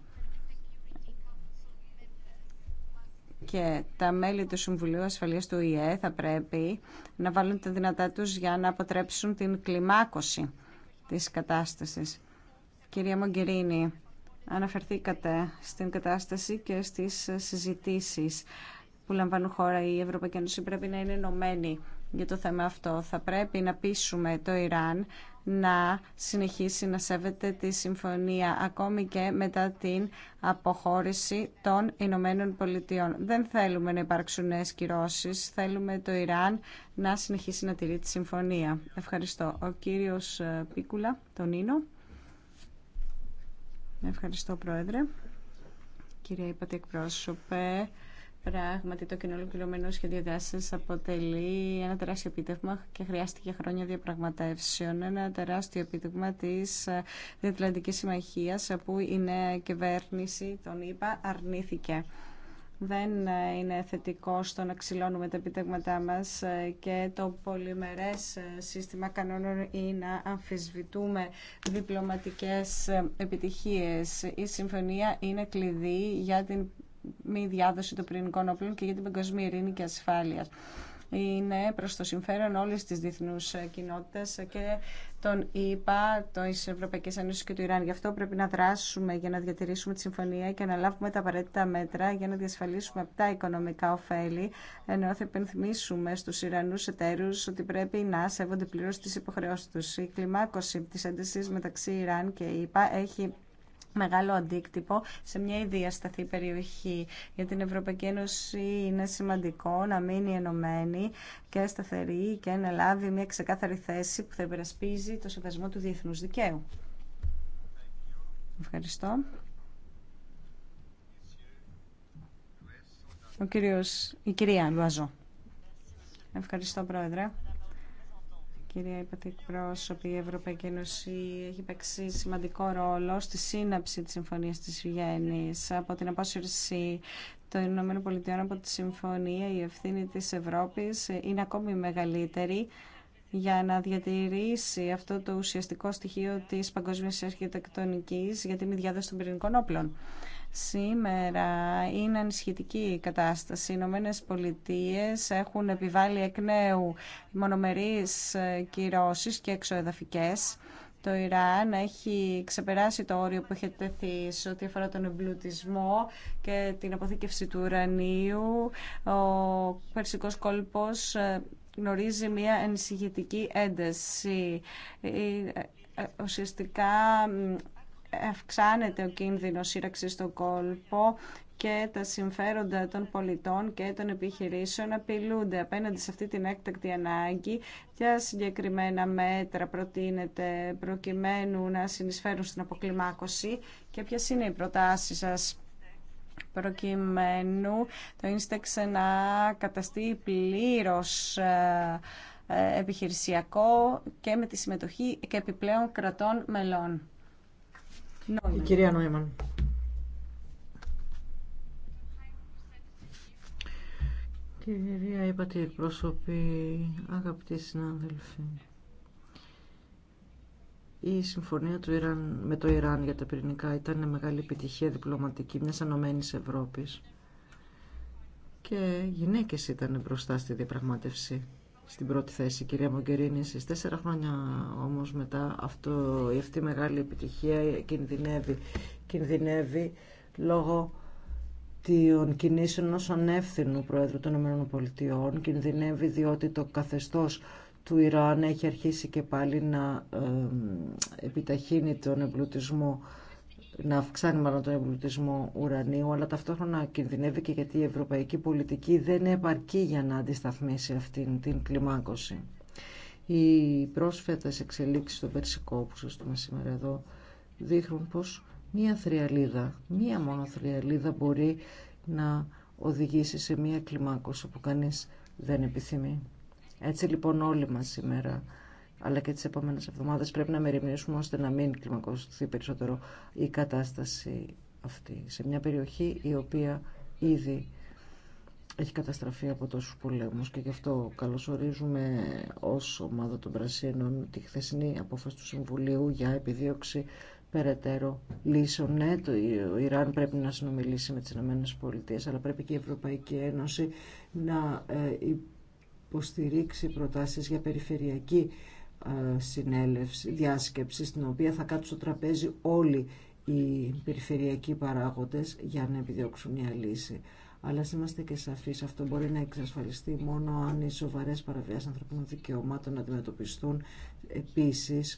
Speaker 3: και τα μέλη του Συμβουλίου Ασφαλείας του ΙΕ θα πρέπει να βάλουν τα δυνατά τους για να αποτρέψουν την κλιμάκωση της κατάστασης. Κυρία Μογκερίνη, αναφερθήκατε στην κατάσταση και στις συζητήσεις που λαμβάνουν χώρα η Ευρωπαϊκή Ένωση πρέπει να είναι ενωμένη για το θέμα αυτό. Θα πρέπει να πείσουμε το Ιράν να συνεχίσει να σέβεται τη συμφωνία ακόμη και μετά την αποχώρηση των Ηνωμένων Πολιτειών. Δεν θέλουμε να υπάρξουν νέες κυρώσεις, θέλουμε το Ιράν να συνεχίσει να τηρεί τη συμφωνία. Ευχαριστώ. Ο κύριος Πίκουλα, τον Ίνο. Ευχαριστώ, Πρόεδρε. Κυρία Υπατή εκπρόσωπε, πράγματι το κοινό ολοκληρωμένο σχέδιο δράση αποτελεί ένα τεράστιο επίτευγμα και χρειάστηκε χρόνια διαπραγματεύσεων. Ένα τεράστιο επίτευγμα τη Διατλαντική Συμμαχία, που η νέα κυβέρνηση, τον είπα, αρνήθηκε δεν ε, είναι θετικό στο να ξυλώνουμε τα επιτέγματά μας ε, και το πολυμερές ε, σύστημα κανόνων ή να αμφισβητούμε διπλωματικές επιτυχίες. Η συμφωνία είναι κλειδί για την μη διάδοση των πυρηνικών όπλων και για την παγκοσμία ειρήνη και ασφάλεια είναι προς το συμφέρον όλες τις διεθνούς κοινότητες και των ΙΠΑ, των Ευρωπαϊκή Ένωση και του Ιράν. Γι' αυτό πρέπει να δράσουμε για να διατηρήσουμε τη συμφωνία και να λάβουμε τα απαραίτητα μέτρα για να διασφαλίσουμε αυτά οικονομικά ωφέλη, ενώ θα υπενθυμίσουμε στους Ιρανούς εταίρους ότι πρέπει να σέβονται πλήρως τις υποχρεώσεις τους. Η κλιμάκωση της έντασης μεταξύ Ιράν και ΙΠΑ έχει μεγάλο αντίκτυπο σε μια ιδιασταθή περιοχή. Για την Ευρωπαϊκή Ένωση είναι σημαντικό να μείνει ενωμένη και σταθερή και να λάβει μια ξεκάθαρη θέση που θα υπερασπίζει το σεβασμό του διεθνούς δικαίου. Ευχαριστώ. Ο κύριος, η κυρία Λουαζό. Ευχαριστώ, Πρόεδρε κυρία Υπατή εκπρόσωπη, η Ευρωπαϊκή Ένωση έχει παίξει σημαντικό ρόλο στη σύναψη της Συμφωνίας της Βιέννης. Από την απόσυρση των Ηνωμένων Πολιτειών από τη Συμφωνία, η ευθύνη της Ευρώπης είναι ακόμη μεγαλύτερη για να διατηρήσει αυτό το ουσιαστικό στοιχείο της παγκόσμιας αρχιτεκτονικής για την διάδοση των πυρηνικών όπλων. Σήμερα είναι ανησυχητική η κατάσταση. Οι Ηνωμένε Πολιτείε έχουν επιβάλει εκ νέου μονομερείς ε, κυρώσεις και εξοεδαφικές. Το Ιράν έχει ξεπεράσει το όριο που είχε τεθεί σε ό,τι αφορά τον εμπλουτισμό και την αποθήκευση του ουρανίου. Ο Περσικός κόλπος ε, γνωρίζει μια ενισχυτική ένταση. Ε, ουσιαστικά αυξάνεται ο κίνδυνος σύραξη στον κόλπο και τα συμφέροντα των πολιτών και των επιχειρήσεων απειλούνται απέναντι σε αυτή την έκτακτη ανάγκη. για συγκεκριμένα μέτρα προτείνεται προκειμένου να συνεισφέρουν στην αποκλιμάκωση και ποιες είναι οι προτάσεις σας προκειμένου το Instex να καταστεί πλήρως ε, επιχειρησιακό και με τη συμμετοχή και επιπλέον κρατών μελών.
Speaker 1: Η κυρία Νόημαν. Κυρία, είπατε εκπρόσωποι, αγαπητοί συνάδελφοι. Η συμφωνία του Ιράν, με το Ιράν για τα πυρηνικά ήταν μια μεγάλη επιτυχία διπλωματική μιας ανωμένης Ευρώπης. Και γυναίκες ήταν μπροστά στη διαπραγμάτευση στην πρώτη θέση, κυρία Μογκερίνη. στι τέσσερα χρόνια όμως μετά αυτό, η αυτή η μεγάλη επιτυχία κινδυνεύει. Κινδυνεύει λόγω των κινήσεων ως ανεύθυνου Πρόεδρου των ΗΠΑ. Κινδυνεύει διότι το καθεστώς του Ιράν έχει αρχίσει και πάλι να επιταχύνει τον εμπλουτισμό να αυξάνει μάλλον τον εμπλουτισμό ουρανίου, αλλά ταυτόχρονα κινδυνεύει και γιατί η ευρωπαϊκή πολιτική δεν είναι επαρκή για να αντισταθμίσει αυτήν την κλιμάκωση. Οι πρόσφατες εξελίξεις στο Περσικό που δούμε σήμερα εδώ δείχνουν πως μία θριαλίδα, μία μόνο θριαλίδα μπορεί να οδηγήσει σε μία κλιμάκωση που κανείς δεν επιθυμεί. Έτσι λοιπόν όλοι μας σήμερα αλλά και τις επόμενες εβδομάδες πρέπει να μεριμνήσουμε ώστε να μην κλιμακωθεί περισσότερο η κατάσταση αυτή σε μια περιοχή η οποία ήδη έχει καταστραφεί από τόσους πολέμους και γι' αυτό καλωσορίζουμε ως ομάδα των Πρασίνων τη χθεσινή απόφαση του Συμβουλίου για επιδίωξη περαιτέρω λύσεων. Ναι, το Ιράν πρέπει να συνομιλήσει με τις ΗΠΑ, αλλά πρέπει και η Ευρωπαϊκή Ένωση να ε, υποστηρίξει προτάσεις για περιφερειακή ε, συνέλευση, διάσκεψη στην οποία θα κάτσουν στο τραπέζι όλοι οι περιφερειακοί παράγοντες για να επιδιώξουν μια λύση. Αλλά είμαστε και σαφείς, αυτό μπορεί να εξασφαλιστεί μόνο αν οι σοβαρές παραβιάσεις ανθρωπίνων δικαιωμάτων να αντιμετωπιστούν επίσης